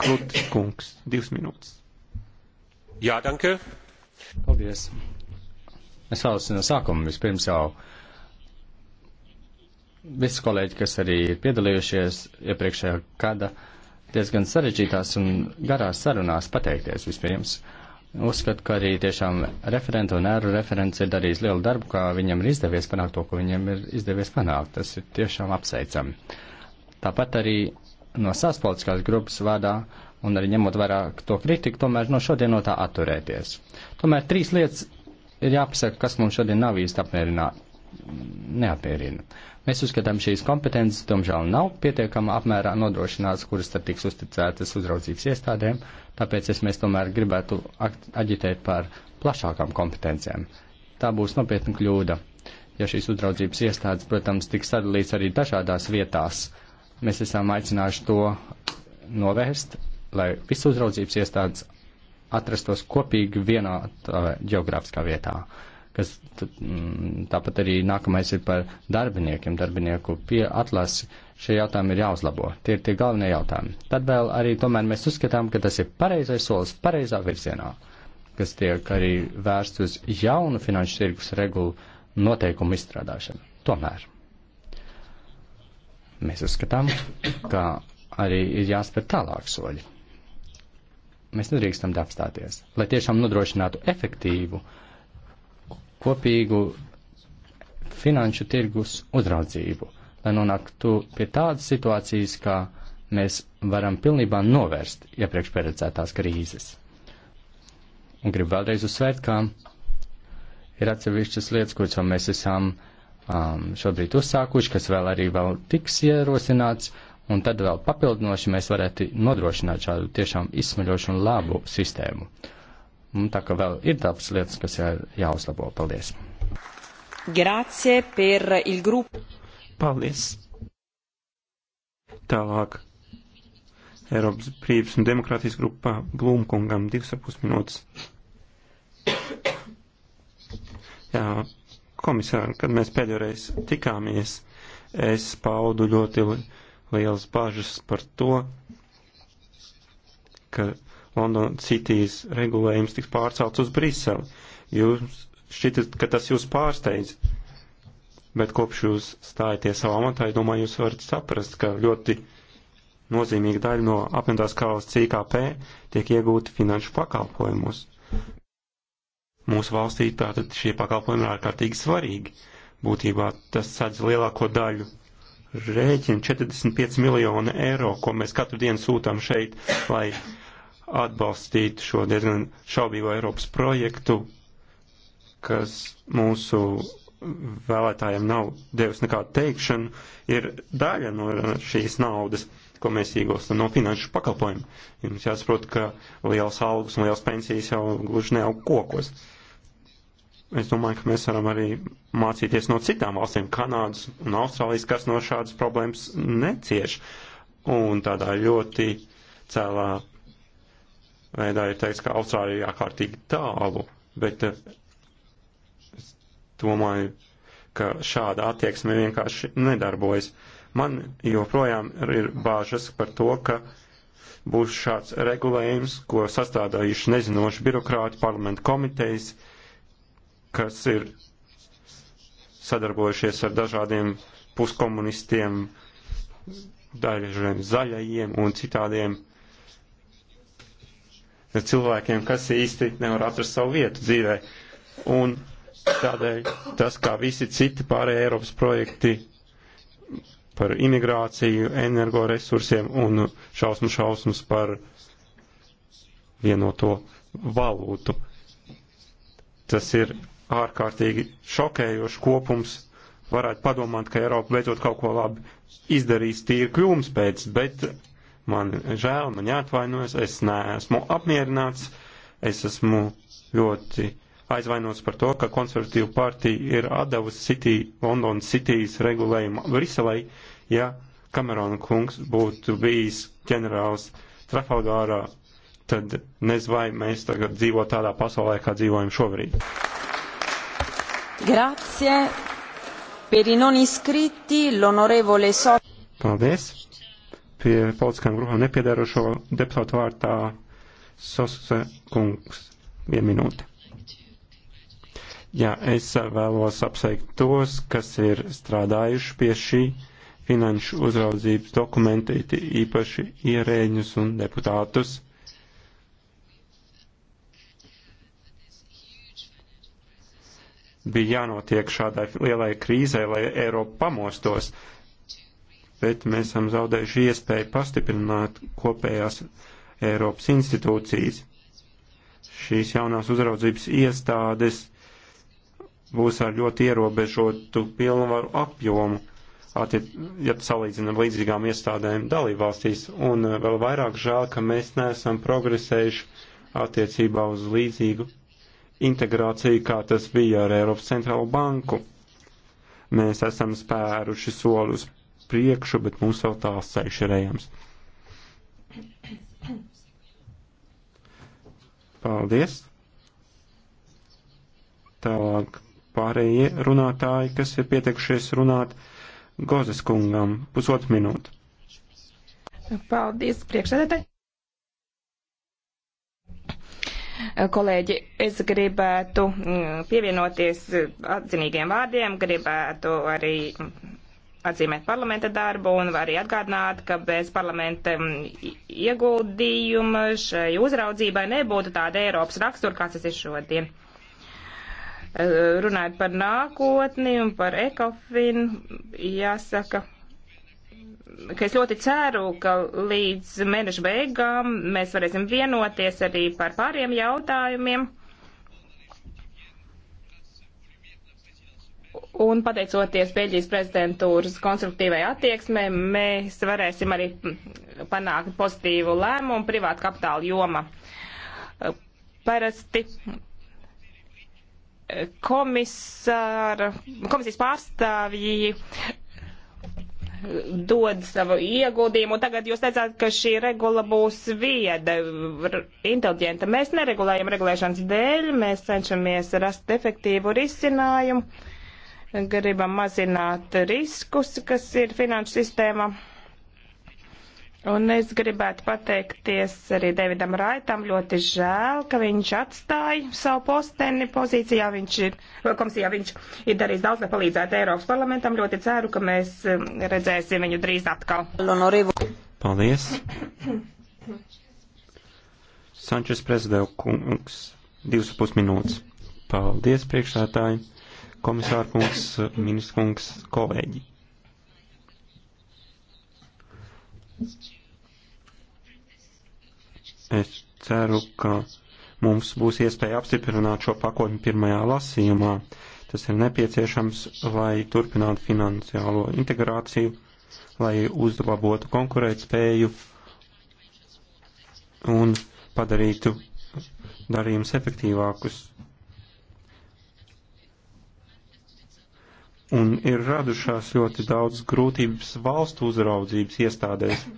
Klūtis kungs, divas minūtes. Jā, danke. Paldies. Es vēlos no sākuma vispirms jau visi kolēģi, kas arī piedalījušies iepriekšējā gada diezgan sarežģītās un garās sarunās pateikties vispirms. Uzskatu, ka arī tiešām referenta un ēru referents ir darījis lielu darbu, kā viņam ir izdevies panākt to, ko viņam ir izdevies panākt. Tas ir tiešām apsveicami. Tāpat arī no savas politiskās grupas vadā un arī ņemot vērā to kritiku, tomēr no šodien no tā atturēties. Tomēr trīs lietas ir jāpasaka, kas mums šodien nav īsti apmierinā, neapmierina. Mēs uzskatām, šīs kompetences, domžēl, nav pietiekama apmērā nodrošināts, kuras tad tiks uzticētas uzraudzības iestādēm, tāpēc es mēs tomēr gribētu aģitēt par plašākām kompetencijām. Tā būs nopietna kļūda, ja šīs uzraudzības iestādes, protams, tiks sadalīts arī dažādās vietās, uh, Mēs esam aicinājuši to novērst, lai visu uzraudzības iestādes atrastos kopīgi vienā geogrāfiskā vietā. Kas, mm, tāpat arī nākamais ir par darbiniekiem, darbinieku pie atlasi. Šie jautājumi ir jāuzlabo. Tie ir tie galvenie jautājumi. Tad vēl arī tomēr mēs uzskatām, ka tas ir pareizais solis pareizā virzienā, kas tiek arī vērsts uz jaunu finanšu tirgus regulu noteikumu izstrādāšanu. Tomēr Mēs uzskatām, ka arī ir jāspēr tālāk soļi. Mēs nedrīkstam dapstāties, lai tiešām nodrošinātu efektīvu kopīgu finanšu tirgus uzraudzību, lai nonāktu pie tādas situācijas, kā mēs varam pilnībā novērst iepriekš pieredzētās krīzes. Un gribu vēlreiz uzsvērt, ka ir atsevišķas lietas, kuras jau mēs esam uh, um, šobrīd uzsākuši, kas vēl arī vēl tiks ierosināts, un tad vēl papildinoši mēs varētu nodrošināt šādu tiešām izsmaļošu un labu sistēmu. Un tā kā vēl ir daudz lietas, kas jā, jāuzlabo. Paldies! Grazie per il grupo. Paldies! Tālāk. Eiropas brīvības un demokrātijas grupā Blūmkungam divas ar pus minūtes. Jā, Komisāri, kad mēs pēdējoreiz tikāmies, es paudu ļoti liels bažas par to, ka London City's regulējums tiks pārcelts uz Briseli. Jūs šķitat, ka tas jūs pārsteidz, bet kopš jūs stājaties savā amatā, es domāju, jūs varat saprast, ka ļoti nozīmīga daļa no apvienotās karalists IKP tiek iegūta finanšu pakalpojumus. Mūsu valstī tātad šie pakalpojumi ir ārkārtīgi svarīgi. Būtībā tas sadz lielāko daļu rēķina 45 miljoni eiro, ko mēs katru dienu sūtām šeit, lai atbalstītu šo diezgan šaubīgo Eiropas projektu, kas mūsu vēlētājiem nav devis nekādu teikšanu, ir daļa no šīs naudas ko mēs iegūstam no finanšu pakalpojumu. Jums jāsaprot, ka liels algas un liels pensijas jau gluži neaug kokos. Es domāju, ka mēs varam arī mācīties no citām valstīm, Kanādas un Austrālijas, kas no šādas problēmas necieš. Un tādā ļoti cēlā veidā ir teiks, ka Austrālija ir ārkārtīgi tālu, bet eh, es domāju, ka šāda attieksme vienkārši nedarbojas. Uh, Man joprojām ir bāžas par to, ka būs šāds regulējums, ko sastādājuši nezinoši birokrāti parlamenta komitejas, kas ir sadarbojušies ar dažādiem puskomunistiem, dažiem zaļajiem un citādiem cilvēkiem, kas īsti nevar atrast savu vietu dzīvē. Un tādēļ tas, kā visi citi pārējie Eiropas projekti par imigrāciju, energoresursiem un šausmu šausmas par vienoto valūtu. Tas ir ārkārtīgi šokējošs kopums. Varētu padomāt, ka Eiropa beidzot kaut ko labi izdarīs tīri kļūmes pēc, bet man žēl, man jāatvainojas, es neesmu apmierināts, es esmu ļoti aizvainots par to, ka konservatīva partija ir atdevusi City, Londonas Citīs regulējumu Briselei, ja Kamerona kungs būtu bijis ģenerālis Trafalgārā, tad nez vai mēs tagad dzīvo tādā pasaulē, kā dzīvojam šobrīd. Grazie. Per i non iscritti l'onorevole So. Paldies. Pie politiskām grupām nepiedarošo deputātu vārtā Sosa kungs. Vienu minūti. Ja es vēlos apsveikt tos, kas ir strādājuši pie šī finanšu uzraudzības dokumenta, īpaši ierēģus un deputātus. Bija jānotiek šādai lielai krīzē, lai Eiropa pamostos, bet mēs esam zaudējuši iespēju pastiprināt kopējās Eiropas institūcijas. Šīs jaunās uzraudzības iestādes būs ar ļoti ierobežotu pilnvaru apjomu, attiet, ja salīdzinām līdzīgām iestādēm dalībvalstīs, un eh, vēl vairāk žēl, ka mēs neesam progresējuši attiecībā uz līdzīgu integrāciju, kā tas bija ar Eiropas centrālo banku. Mēs esam spēruši soli uz priekšu, bet mums vēl tās ceļš ir ejams. Paldies! Tālāk pārējie runātāji, kas ir pietiekušies runāt Gozes kungam pusotru minūtu. Paldies, priekšsēdētāji! Kolēģi, es gribētu mm, pievienoties atzinīgiem vārdiem, gribētu arī atzīmēt parlamenta darbu un arī atgādināt, ka bez parlamenta mm, ieguldījuma šai uzraudzībai nebūtu tāda Eiropas rakstura, kāds tas ir šodien. Eh, runājot par nākotni un par ekofinu, jāsaka, ka es ļoti ceru, ka līdz mēneša beigām mēs varēsim vienoties arī par pāriem jautājumiem. Un pateicoties Beļģijas prezidentūras konstruktīvai attieksmē, mēs varēsim arī panākt pozitīvu lēmumu privātu kapitāla joma. Eh, parasti komisāra, komisijas pārstāvji dod savu ieguldījumu. Tagad jūs teicāt, ka šī regula būs vieda, inteliģenta. Mēs neregulējam regulēšanas dēļ, mēs cenšamies rast efektīvu risinājumu, gribam mazināt riskus, kas ir finanšu sistēmā. Un es gribētu pateikties arī Davidam Raitam. Ļoti žēl, ka viņš atstāja savu posteni pozīcijā. Viņš ir, komisijā viņš ir darījis daudz, lai palīdzētu Eiropas parlamentam. Ļoti ceru, ka mēs um, redzēsim viņu drīz atkal. Paldies. Sančes prezidēl kungs, divas pus minūtes. Paldies, priekšsētāji, komisārkungs, ministrkungs, kolēģi. Thank you. Es ceru, ka mums būs iespēja apstiprināt šo pakotni pirmajā lasījumā. Tas ir nepieciešams, lai turpinātu finansiālo integrāciju, lai uzlabotu konkurētspēju un padarītu darījumus efektīvākus. Un ir radušās ļoti daudz grūtības valstu uzraudzības iestādēs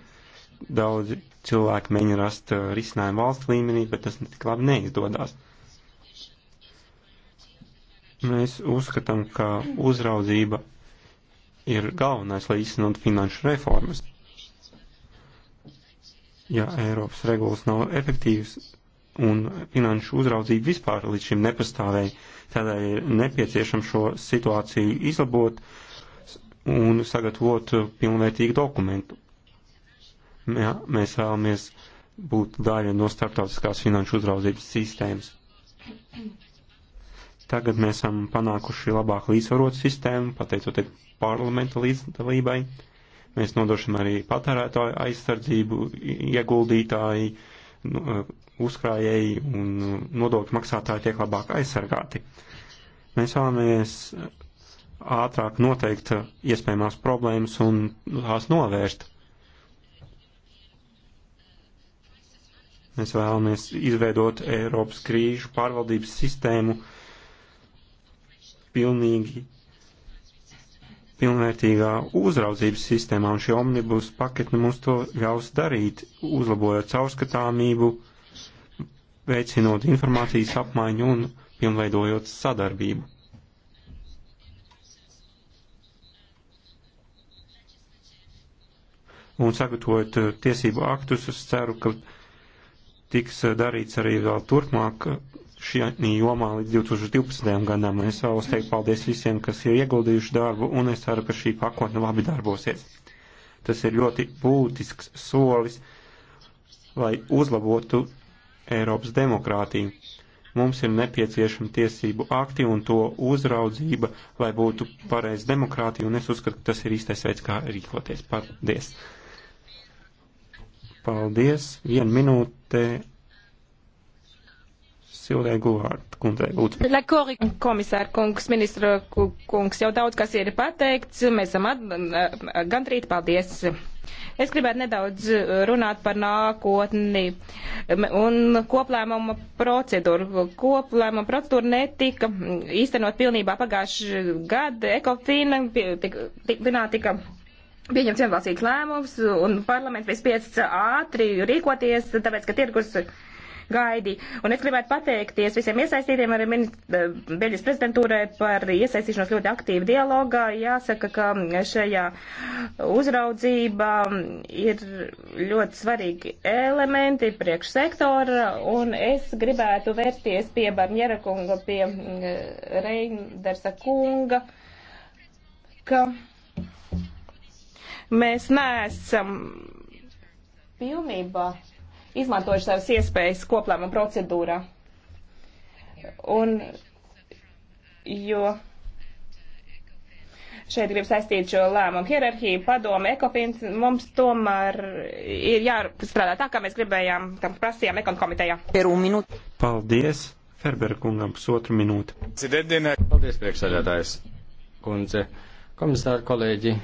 daudzi cilvēki mēģina rast uh, risinājumu valsts līmenī, bet tas tik labi neizdodas. Mēs uzskatām, ka uzraudzība ir galvenais, lai īstenot finanšu reformas. Ja Eiropas regulas nav efektīvas un finanšu uzraudzība vispār līdz šim nepastāvēja, tādēļ ir nepieciešams šo situāciju izlabot un sagatavot pilnvērtīgu dokumentu Jā, mēs vēlamies būt daļa no starptautiskās finanšu uzraudzības sistēmas. Tagad mēs esam panākuši labāk līdzsvarot sistēmu, pateicoties parlamenta līdzdalībai. Mēs nodošam arī patērētāju aizsardzību, ieguldītāji, nu, eh, uzkrājēji un eh, nodokļu maksātāji tiek labāk aizsargāti. Mēs vēlamies ātrāk noteikt eh, iespējamās problēmas un tās novērst Mēs vēlamies izveidot Eiropas krīžu pārvaldības sistēmu pilnīgi pilnvērtīgā uzraudzības sistēmā, un šī omnibus paketne mums to ļaus darīt, uzlabojot caurskatāmību, veicinot informācijas apmaiņu un pilnveidojot sadarbību. Un sagatavojot uh, tiesību aktus, es ceru, ka tiks eh, darīts arī vēl turpmāk šī jomā līdz 2012. gadam. Es vēlos teikt paldies visiem, kas ir ieguldījuši darbu, un es ceru, ka šī pakotne labi darbosies. Tas ir ļoti būtisks solis, lai uzlabotu Eiropas demokrātiju. Mums ir nepieciešama tiesību akti un to uzraudzība, lai būtu pareiz demokrātija, un es uzskatu, ka tas ir īstais veids, kā rīkoties. Paldies! Paldies. Vienu minūte. Silvē Gulvārta kundzei, lūdzu. Lekori komisāra kungs, ministra kungs, jau daudz kas ir pateikts. Mēs esam at... gandrīt, paldies. Es gribētu nedaudz runāt par nākotni un koplēmuma procedūru. Koplēmuma procedūra netika īstenot pilnībā pagājuši gadu. Ekofīna tika, tika, tika, tika pieņemts vienbalsīgs lēmums, un parlaments bija spiests ātri rīkoties, tāpēc, ka tirgus gaidi. Un es gribētu pateikties visiem iesaistītiem, arī Beļģijas prezidentūrai par iesaistīšanos ļoti aktīvi dialogā. Jāsaka, ka šajā uzraudzībā ir ļoti svarīgi elementi priekšsektora, un es gribētu vērsties pie Barņera kunga, pie mm, Reindersa kunga, ka Mēs neesam pilnībā izmantojuši savas iespējas koplēmuma procedūrā. Un, jo šeit grib saistīt šo lēmumu hierarhiju, padomu, ekofins, mums tomēr ir jāstrādā tā, kā mēs gribējām, kā prasījām ekonkomitejā. Paldies, Ferberkungam, pusotru minūti. Paldies, priekšsēdētājs kundze, komisāri, kolēģi,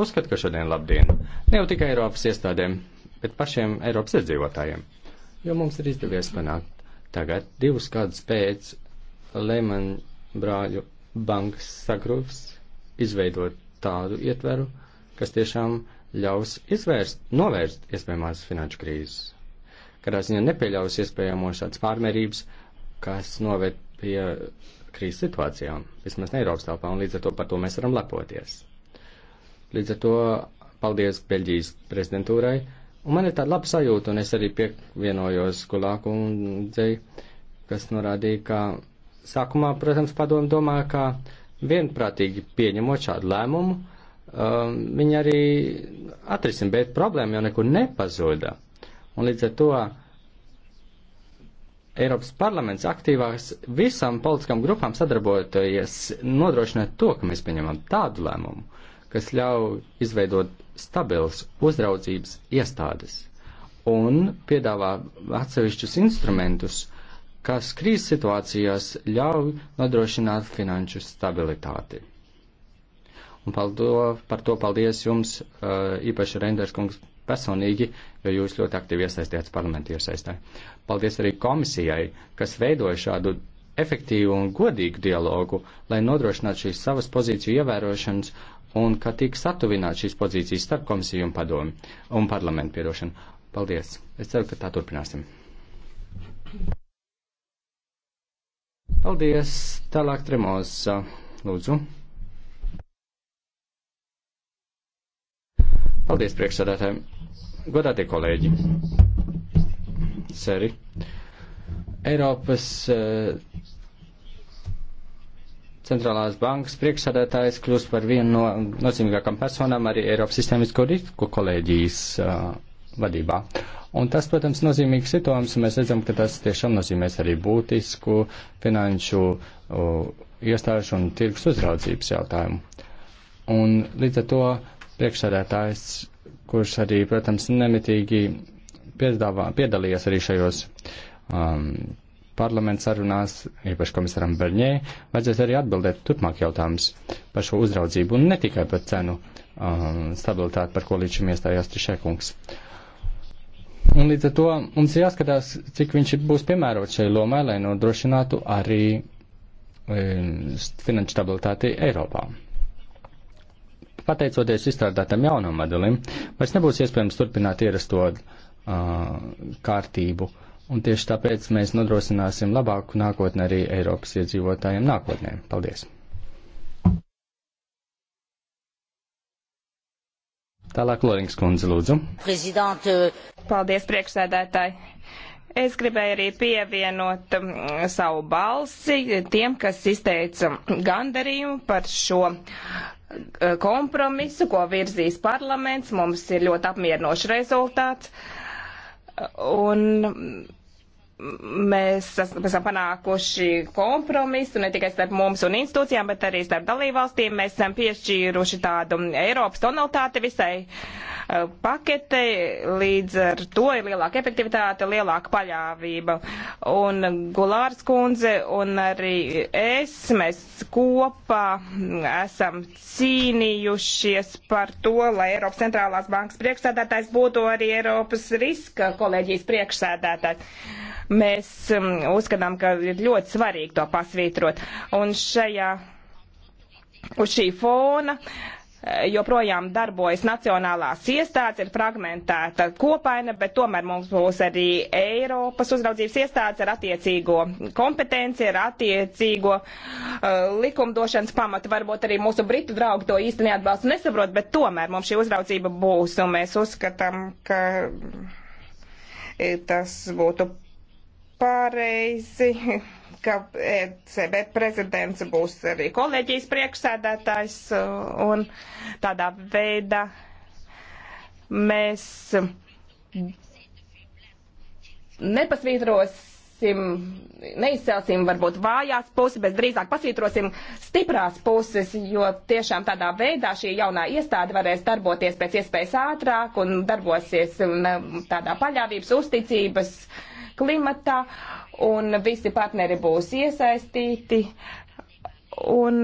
Uzskatu, ka šodien labdien ne jau tikai Eiropas iestādēm, bet pašiem Eiropas iedzīvotājiem, jo mums ir izdevies panākt tagad divus gadus pēc Lehman brāļu bankas sagrūvs izveidot tādu ietveru, kas tiešām ļaus izvērst, novērst iespējamās finanšu krīzes. Kādā ziņā nepieļaus iespējamos šāds pārmērības, kas noved pie krīzes situācijām, vismaz ne Eiropas telpā, un līdz ar to par to mēs varam lepoties. Līdz ar to paldies Beļģijas prezidentūrai. Un man ir tāda laba sajūta, un es arī pievienojos Gulāku un Dzēju, kas norādīja, ka sākumā, protams, padomu domā, ka vienprātīgi pieņemot šādu lēmumu, um, viņi arī atrisina, bet problēma jau nekur nepazuda. Un līdz ar to Eiropas parlaments aktīvāks visām politiskām grupām sadarbojoties nodrošināt to, ka mēs pieņemam tādu lēmumu, kas ļauj izveidot stabils uzraudzības iestādes un piedāvā atsevišķus instrumentus, kas krīzes situācijās ļauj nodrošināt finanšu stabilitāti. Un par to, par to paldies jums, uh, īpaši Renders kungs personīgi, jo jūs ļoti aktīvi iesaistījāties parlamentu iesaistē. Paldies arī komisijai, kas veidoja šādu efektīvu un godīgu dialogu, lai nodrošinātu šīs savas pozīciju ievērošanas un ka tiks satuvināt šīs pozīcijas starp komisiju un padomu un parlamentu piedošanu. Paldies! Es ceru, ka tā turpināsim. Paldies! Tālāk Tremos, lūdzu. Paldies, priekšsādātāji! Godātie kolēģi! Seri! Eiropas uh, centrālās bankas priekšsādātājs kļūst par vienu no nozīmīgākām personām arī Eiropas sistēmisko risku kolēģijas uh, vadībā. Un tas, protams, nozīmīgs situācijas, un mēs redzam, ka tas tiešām nozīmēs arī būtisku finanšu uh, iestāžu un tirgus uzraudzības jautājumu. Un līdz ar to priekšsādātājs, kurš arī, protams, nemitīgi piedāvā, piedalījās arī šajos um, parlaments sarunās, īpaši komisaram Berņē, vajadzēs arī atbildēt turpmāk jautājumus par šo uzraudzību un ne tikai par cenu um, stabilitāti, par ko līdz šim iestājās Trišēkungs. Un līdz ar to mums ir jāskatās, cik viņš būs piemērots šai lomai, lai nodrošinātu arī um, finanšu stabilitāti Eiropā. Pateicoties izstrādātam jaunam modelim, vairs nebūs iespējams turpināt ierasto uh, kārtību uh, Un tieši tāpēc mēs nodrošināsim labāku nākotni arī Eiropas iedzīvotājiem nākotnē. Paldies! Tālāk Lorings kundze, lūdzu. Prezidente. Paldies, priekšsēdētāji. Es gribēju arī pievienot um, savu balsi tiem, kas izteica gandarījumu par šo uh, kompromisu, ko virzīs parlaments. Mums ir ļoti apmierinošs rezultāts. Un um, mēs esam panākuši kompromisu ne tikai starp mums un institūcijām, bet arī starp dalībvalstīm. Mēs esam piešķīruši tādu Eiropas tonalitāti visai e, pakete, līdz ar to ir lielāka efektivitāte, lielāka paļāvība. Un Gulārs kundze un arī es, mēs kopā esam cīnījušies par to, lai Eiropas centrālās bankas priekšsēdētājs būtu arī Eiropas riska kolēģijas priekšsēdētājs. Mēs um, uzskatām, ka ir ļoti svarīgi to pasvītrot. Un šajā, uz šī fona eh, joprojām darbojas nacionālās iestādes, ir fragmentēta kopaina, bet tomēr mums būs arī Eiropas uzraudzības iestādes ar attiecīgo kompetenci, ar attiecīgo uh, likumdošanas pamatu. Varbūt arī mūsu britu draugi to īsti neatbalsta un nesaprot, bet tomēr mums šī uzraudzība būs un mēs uzskatām, ka eh, tas būtu pareizi, ka ECB prezidents būs arī kolēģijas priekšsēdētājs un tādā veidā mēs nepasvītrosim, neizcelsim varbūt vājās puses, bet drīzāk pasvītrosim stiprās puses, jo tiešām tādā veidā šī jaunā iestāde varēs darboties pēc iespējas ātrāk un darbosies tādā paļāvības uzticības uh, klimatā, un visi partneri būs iesaistīti. Un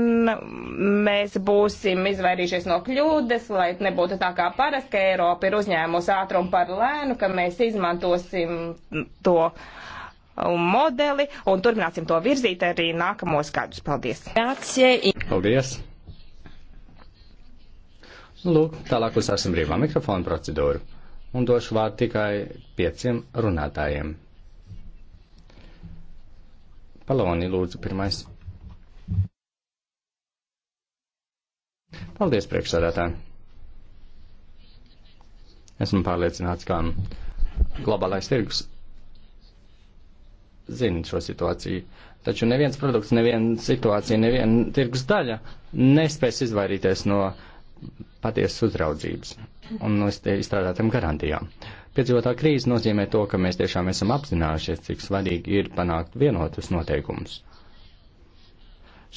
mēs būsim izvairījušies no kļūdas, lai nebūtu tā kā parasti, ka Eiropa ir uzņēmusi ātrumu par lēnu, ka mēs izmantosim to modeli un turpināsim to virzīt arī nākamos gadus. Paldies! Paldies! Nu, lūk, tālāk uzsāksim brīvā mikrofona procedūru un došu vārdu tikai pieciem runātājiem. Paloni, lūdzu, pirmais. Paldies, priekšsādātāji. Esmu pārliecināts, ka globālais tirgus zina šo situāciju. Taču neviens produkts, neviena situācija, neviena tirgus daļa nespēs izvairīties no patiesas uzraudzības un no izstrādātām garantijām. Uh, piedzīvotā krīze nozīmē to, ka mēs tiešām esam apzinājušies, cik svarīgi ir panākt vienotus noteikumus.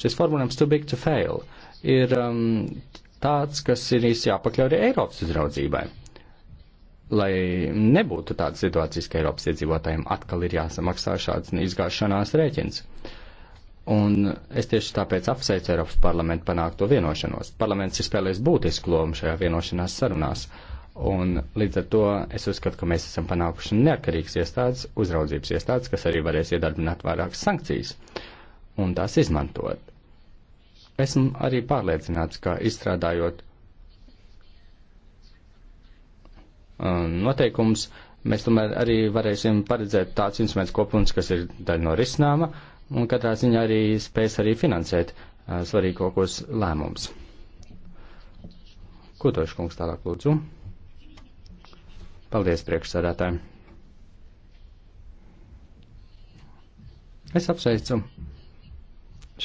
Šis formulējums too big to fail ir um, tāds, kas ir jāpakļauj arī Eiropas uzraudzībai. Lai nebūtu tādas situācijas, ka Eiropas iedzīvotājiem atkal ir jāsamaksā šāds izgāšanās rēķins. Un es tieši tāpēc apsveicu Eiropas parlamentu panākto vienošanos. Parlaments ir spēlējis būtisku lomu šajā vienošanās sarunās. Uh, Un līdz ar to es uzskatu, ka mēs esam panākuši neatkarīgas iestādes, uzraudzības iestādes, kas arī varēs iedarbināt vairākas sankcijas un tās izmantot. Esmu arī pārliecināts, ka izstrādājot um, noteikumus, mēs tomēr arī varēsim paredzēt tāds instruments kopums, kas ir daļa no risinājuma, un katrā ziņā arī spēs arī finansēt uh, svarīgākos lēmumus. Kotošs kungs tālāk lūdzu. Paldies, priekšsādātāji! Es apsveicu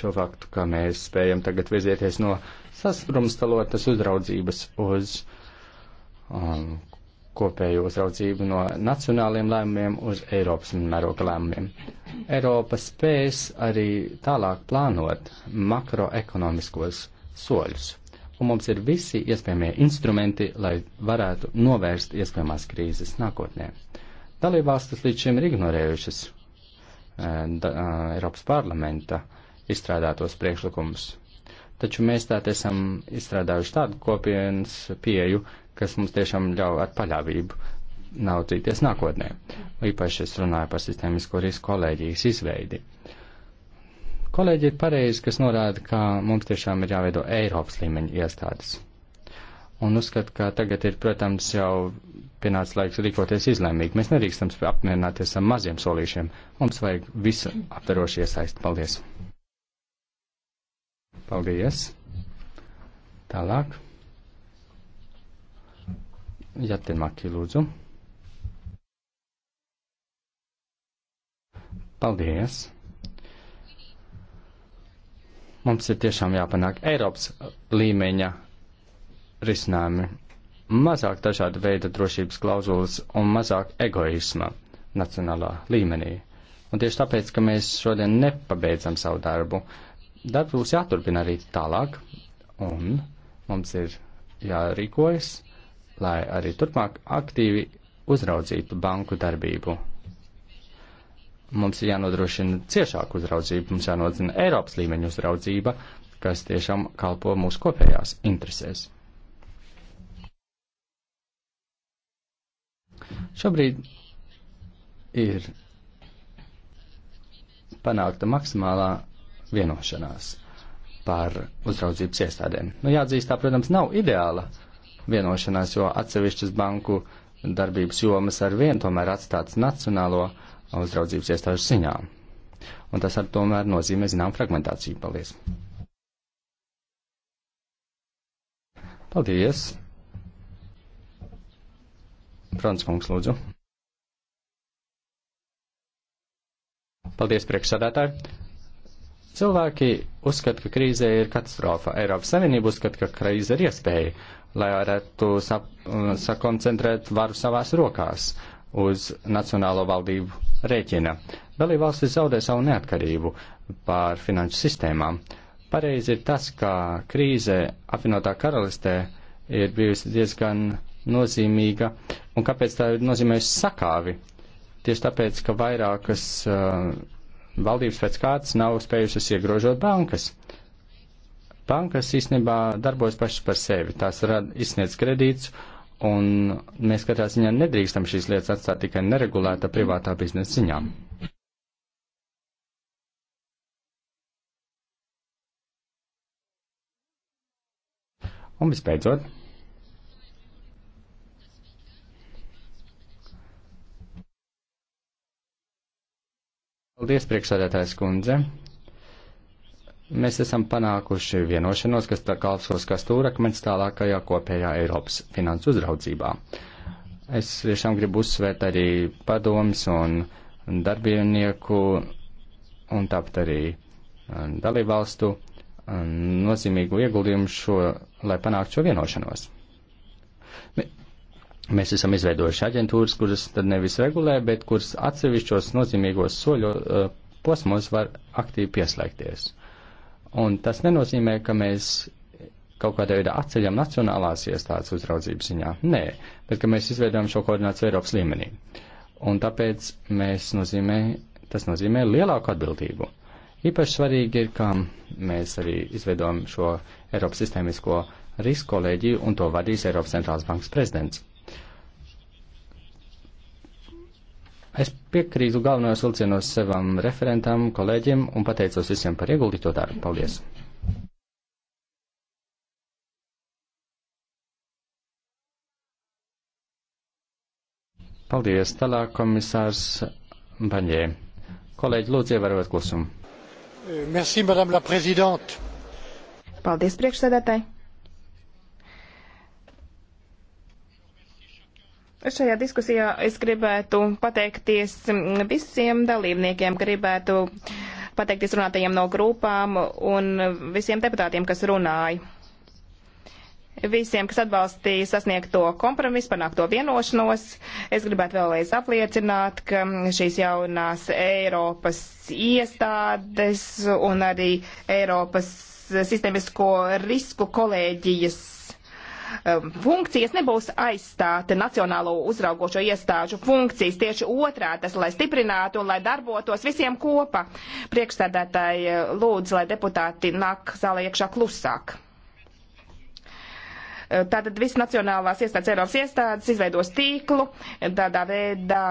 šo faktu, ka mēs spējam tagad virzieties no sasprumstalotas uzraudzības uz um, kopēju uzraudzību no nacionāliem lēmumiem uz Eiropas mēroga lēmumiem. Eiropa spēs arī tālāk plānot makroekonomiskos soļus un mums ir visi iespējamie instrumenti, lai varētu novērst iespējamās krīzes nākotnē. Dalībvalstis līdz šim ir ignorējušas eh, da, eh, Eiropas parlamenta izstrādātos priekšlikumus, taču mēs tādā esam izstrādājuši tādu kopienas pieju, kas mums tiešām ļauj ar paļāvību naucīties nākotnē. Īpaši es runāju par sistēmisko risku kolēģijas izveidi. Uh, Kolēģi ir pareizi, kas norāda, ka mums tiešām ir jāveido Eiropas līmeņa iestādes. Un uzskat, ka tagad ir, protams, jau pienācis laiks rīkoties izlēmīgi. Mēs nedrīkstam apmierināties ar maziem solīšiem. Mums vajag visu aptarošu iesaisti. Paldies! Paldies! Tālāk. Jatemaki, lūdzu. Paldies! Mums ir tiešām jāpanāk Eiropas līmeņa risinājumi. Mazāk dažāda veida drošības klauzulas un mazāk egoisma nacionālā līmenī. Un tieši tāpēc, ka mēs šodien nepabeidzam savu darbu, darbs būs jāturpina arī tālāk, un mums ir jārīkojas, lai arī turpmāk aktīvi uzraudzītu banku darbību. Mums ir jānodrošina ciešāka uzraudzība, mums jānodrošina Eiropas līmeņa uzraudzība, kas tiešām kalpo mūsu kopējās interesēs. Šobrīd ir panākta maksimālā vienošanās par uzraudzības iestādēm. Nu, jāatzīst, tā, protams, nav ideāla vienošanās, jo atsevišķas banku darbības jomas ar vienu tomēr atstāts nacionālo uh, uzraudzības iestāžu ziņā. Un tas ar tomēr nozīmē zinām fragmentāciju. Paldies! Paldies! Frants kungs, lūdzu. Paldies, priekšsādātāji! Cilvēki uzskata, ka krīze ir katastrofa. Eiropas Savienība uzskata, ka krīze ir iespēja, lai varētu sakoncentrēt varu savās rokās uz Nacionālo valdību rēķina. Dalībvalstis zaudē savu neatkarību pār finanšu sistēmām. Pareizi ir tas, ka krīze apvienotā karalistē ir bijusi diezgan nozīmīga, un kāpēc tā ir nozīmējusi sakāvi? Tieši tāpēc, ka vairākas uh, valdības pēc kārtas nav spējušas iegrožot bankas. Bankas īstenībā darbojas pašas par sevi, tās rad, izsniedz kredītus Un mēs katrā ziņā nedrīkstam šīs lietas atstāt tikai neregulēta privātā biznesa ziņā. Un visbeidzot. Paldies, priekšsādātājs kundze mēs esam panākuši vienošanos, kas tā kalpsos kā stūrakmeņš tālākajā kopējā Eiropas finansu uzraudzībā. Es tiešām gribu uzsvērt arī padomus un darbinieku un tāpat arī um, dalībvalstu um, nozīmīgu ieguldījumu šo, lai panāktu šo vienošanos. Mēs esam izveidojuši aģentūras, kuras tad nevis regulē, bet kuras atsevišķos nozīmīgos soļo uh, posmos var aktīvi pieslēgties. Un tas nenozīmē, ka mēs kaut kādā veidā atceļam nacionālās iestādes uzraudzības ziņā. Nē, bet ka mēs izveidojam šo koordināciju Eiropas līmenī. Un tāpēc mēs nozīmē, tas nozīmē lielāku atbildību. Īpaši svarīgi ir, ka mēs arī izveidojam šo Eiropas sistēmisko risku kolēģiju un to vadīs Eiropas centrālās bankas prezidents. Es piekrītu galvenajos vilcienos savam referentam, kolēģim un pateicos visiem par ieguldīto darbu. Paldies! Paldies, tālāk komisārs Baņē. Kolēģi, lūdzu, ievērot klusumu. Merci, madame la présidente. Paldies, priekšsēdētāji. Šajā diskusijā es gribētu pateikties visiem dalībniekiem, gribētu pateikties runātajiem no grupām un visiem deputātiem, kas runāja. Visiem, kas atbalstīja sasniegto kompromisu, panākto vienošanos, es gribētu vēlreiz apliecināt, ka šīs jaunās Eiropas iestādes un arī Eiropas sistēmisko risku kolēģijas Um, funkcijas nebūs aizstāti nacionālo uzraugošo iestāžu funkcijas. Tieši otrā tas, lai stiprinātu un lai darbotos visiem kopā. Priekšstādātāji lūdzu, lai deputāti nāk zālē iekšā klusāk. Eh, tātad visas nacionālās iestādes, Eiropas iestādes izveidos tīklu, tādā veidā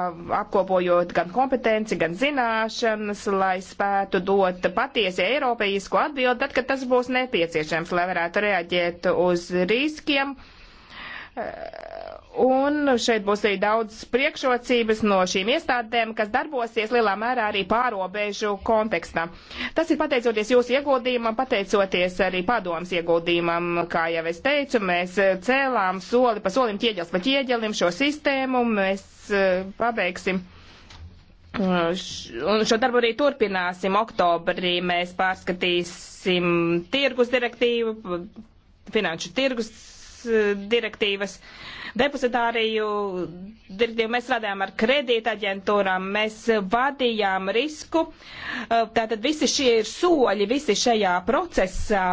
apkopojot gan kompetenci, gan zināšanas, lai spētu dot patiesi eiropeisku atbildi, tad, kad tas būs nepieciešams, lai varētu reaģēt uz riskiem eh, Un šeit būs arī daudz priekšrocības no šīm iestādēm, kas darbosies lielā mērā arī pārobežu kontekstā. Tas ir pateicoties jūsu ieguldījumam, pateicoties arī padomas ieguldījumam, kā jau es teicu, mēs eh, cēlām soli pa solim ķieģels pa ķieģelim šo sistēmu, mēs eh, pabeigsim. Un šo darbu arī turpināsim. Oktobrī mēs pārskatīsim tirgus direktīvu, finanšu tirgus eh, direktīvas. Uh, depozitāriju direktīvu, mēs strādājām ar kredītaģentūrām, mēs vadījām risku. Eh, tātad visi šie ir soļi, visi šajā procesā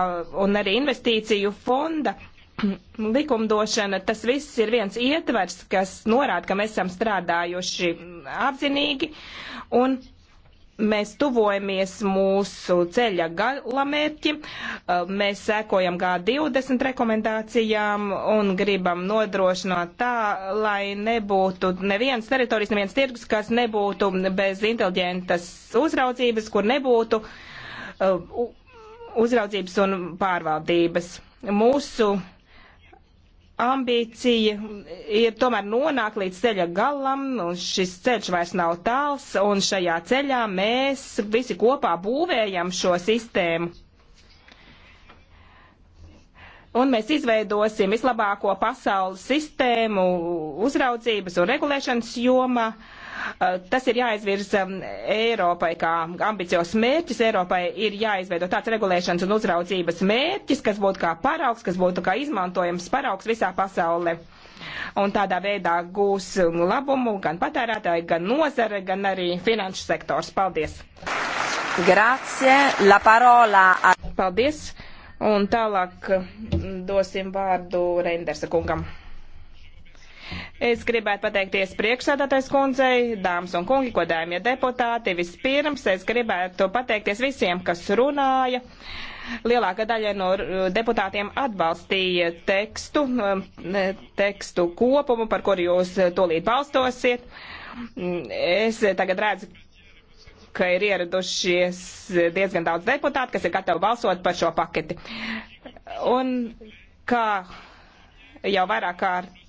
un arī investīciju fonda likumdošana, tas viss ir viens ietvers, kas norāda, ka mēs esam strādājuši apzinīgi un mēs tuvojamies mūsu ceļa galamērķim, mēs sekojam G20 rekomendācijām un gribam nodrošināt tā, lai nebūtu neviens teritorijas, neviens tirgus, kas nebūtu bez inteliģentas uzraudzības, kur nebūtu uzraudzības un pārvaldības. Mūsu ambīcija ir tomēr nonākt līdz ceļa galam, un šis ceļš vairs nav tāls, un šajā ceļā mēs visi kopā būvējam šo sistēmu. Un mēs izveidosim vislabāko pasaules sistēmu uzraudzības un regulēšanas jomā. Uh, Eh, tas ir jāizvirza mm, Eiropai kā ambiciozs mērķis. Eiropai ir jāizveido tāds regulēšanas un uzraudzības mērķis, kas būtu kā paraugs, kas būtu kā izmantojams paraugs visā pasaulē. Un tādā veidā gūs mm, labumu gan patērētāji, gan nozare, gan arī finanšu sektors. Paldies! Grazie, la parola! Paldies! Un tālāk mm, dosim vārdu Reindersa kungam. Es gribētu pateikties priekšsādātais kundzei, dāmas un kungi, godājumie deputāti. Vispirms es gribētu pateikties visiem, kas runāja. Lielākā daļa no deputātiem atbalstīja tekstu, um, tekstu kopumu, par kuru jūs tolīt balstosiet. Mm, es tagad redzu, ka ir ieradušies diezgan daudz deputātu, kas ir gatavi balsot par šo paketi. Un kā jau vairāk kārt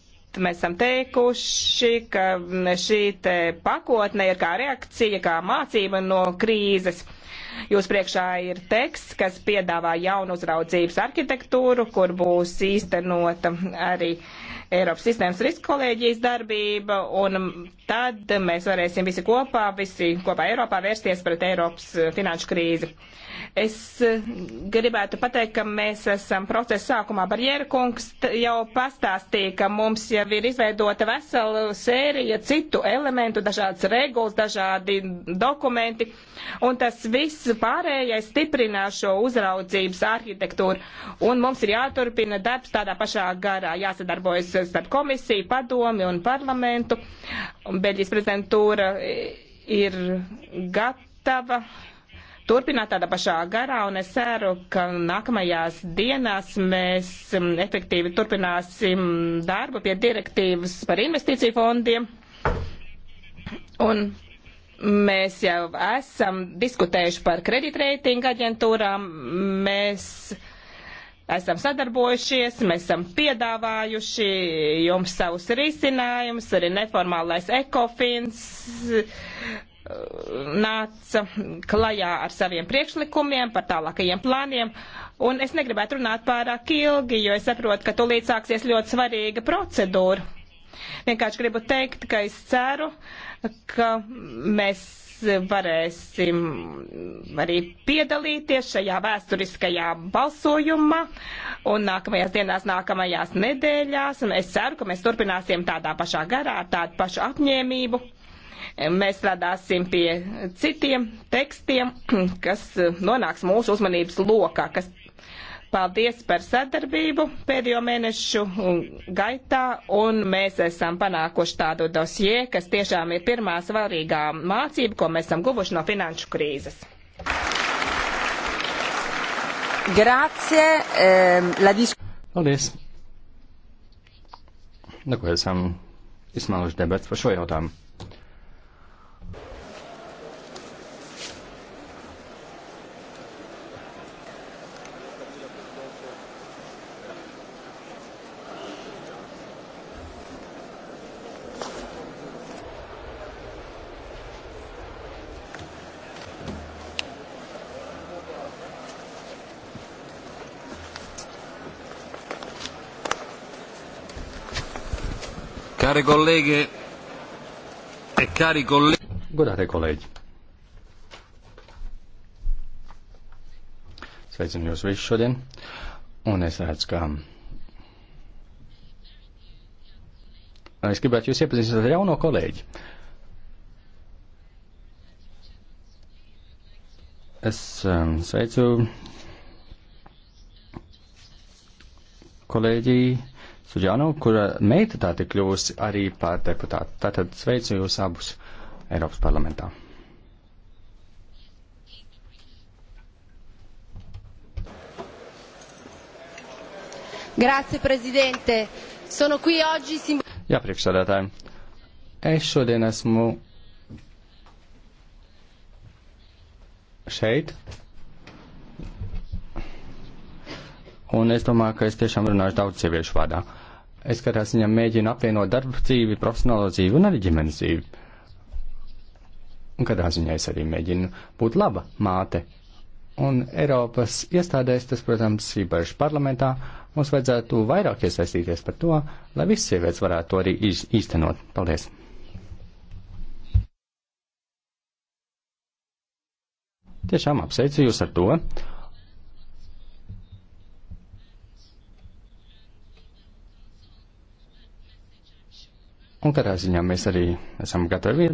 mēs esam teikuši, ka šī te pakotne ir kā reakcija, kā mācība no krīzes. Jūs priekšā ir teksts, kas piedāvā jaunu uzraudzības arhitektūru, kur būs īstenota arī Eiropas sistēmas riska kolēģijas darbība, un tad mēs varēsim visi kopā, visi kopā Eiropā vērsties pret Eiropas finanšu krīzi. Uh, Es eh, gribētu pateikt, ka mēs esam procesa sākumā. Barjera kungs jau pastāstīja, ka mums jau ir izveidota vesela sērija citu elementu, dažādas regulas, dažādi dokumenti, un tas viss pārējais stiprinās šo uzraudzības arhitektūru. Un mums ir jāturpina darbs tādā pašā garā, jāsadarbojas starp komisiju, padomi un parlamentu. Un Beļģijas prezidentūra ir gatava turpināt tādā pašā garā, un es ceru, ka nākamajās dienās mēs mm, efektīvi turpināsim darbu pie direktīvas par investīciju fondiem. Un mēs jau esam diskutējuši par kreditreitinga aģentūrām. Mēs esam sadarbojušies, mēs esam piedāvājuši jums savus risinājumus, arī neformālais ekofins nāca klajā ar saviem priekšlikumiem par tālākajiem plāniem. Un es negribētu runāt pārāk ilgi, jo es saprotu, ka tulīt sāksies ļoti svarīga procedūra. Vienkārši gribu teikt, ka es ceru, ka mēs varēsim arī piedalīties šajā vēsturiskajā balsojumā un nākamajās dienās, nākamajās nedēļās. Un es ceru, ka mēs turpināsim tādā pašā garā, tādu pašu apņēmību Mēs strādāsim pie citiem tekstiem, kas nonāks mūsu uzmanības lokā, kas Paldies par sadarbību pēdējo mēnešu gaitā, un mēs esam panākuši tādu dosie, kas tiešām ir pirmā svarīgā mācība, ko mēs esam guvuši no finanšu krīzes. Grācie, um, ehm, la disku... Paldies. Nu, ko esam izsmēluši debats par šo jautājumu. Care colleghe e cari colleghi. Godātie kolēģi. Sveicinu jūs visus šodien. Un es redzu, ka. Es gribētu jūs iepazīstināt ar jauno kolēģi. Es um, sveicu kolēģi Suģānu, kura meita tā tik kļūst arī par deputātu. Tātad sveicu jūs abus Eiropas parlamentā. Grazie, prezidente. Sono qui oggi sim... Jā, priekšsādātāji. Es šodien esmu šeit, Un es domāju, ka es tiešām runāšu daudz sieviešu vārdā. Es katrā ziņā mēģinu apvienot darba dzīvi, profesionālo dzīvi un arī ģimenes dzīvi. Un katrā ziņā es arī mēģinu būt laba māte. Un Eiropas iestādēs, tas, protams, īpaši parlamentā, mums vajadzētu vairāk iesaistīties par to, lai visas sievietes varētu to arī īstenot. Paldies! Tiešām apsveicu jūs ar to. Un katrā ziņā mēs arī esam gatavi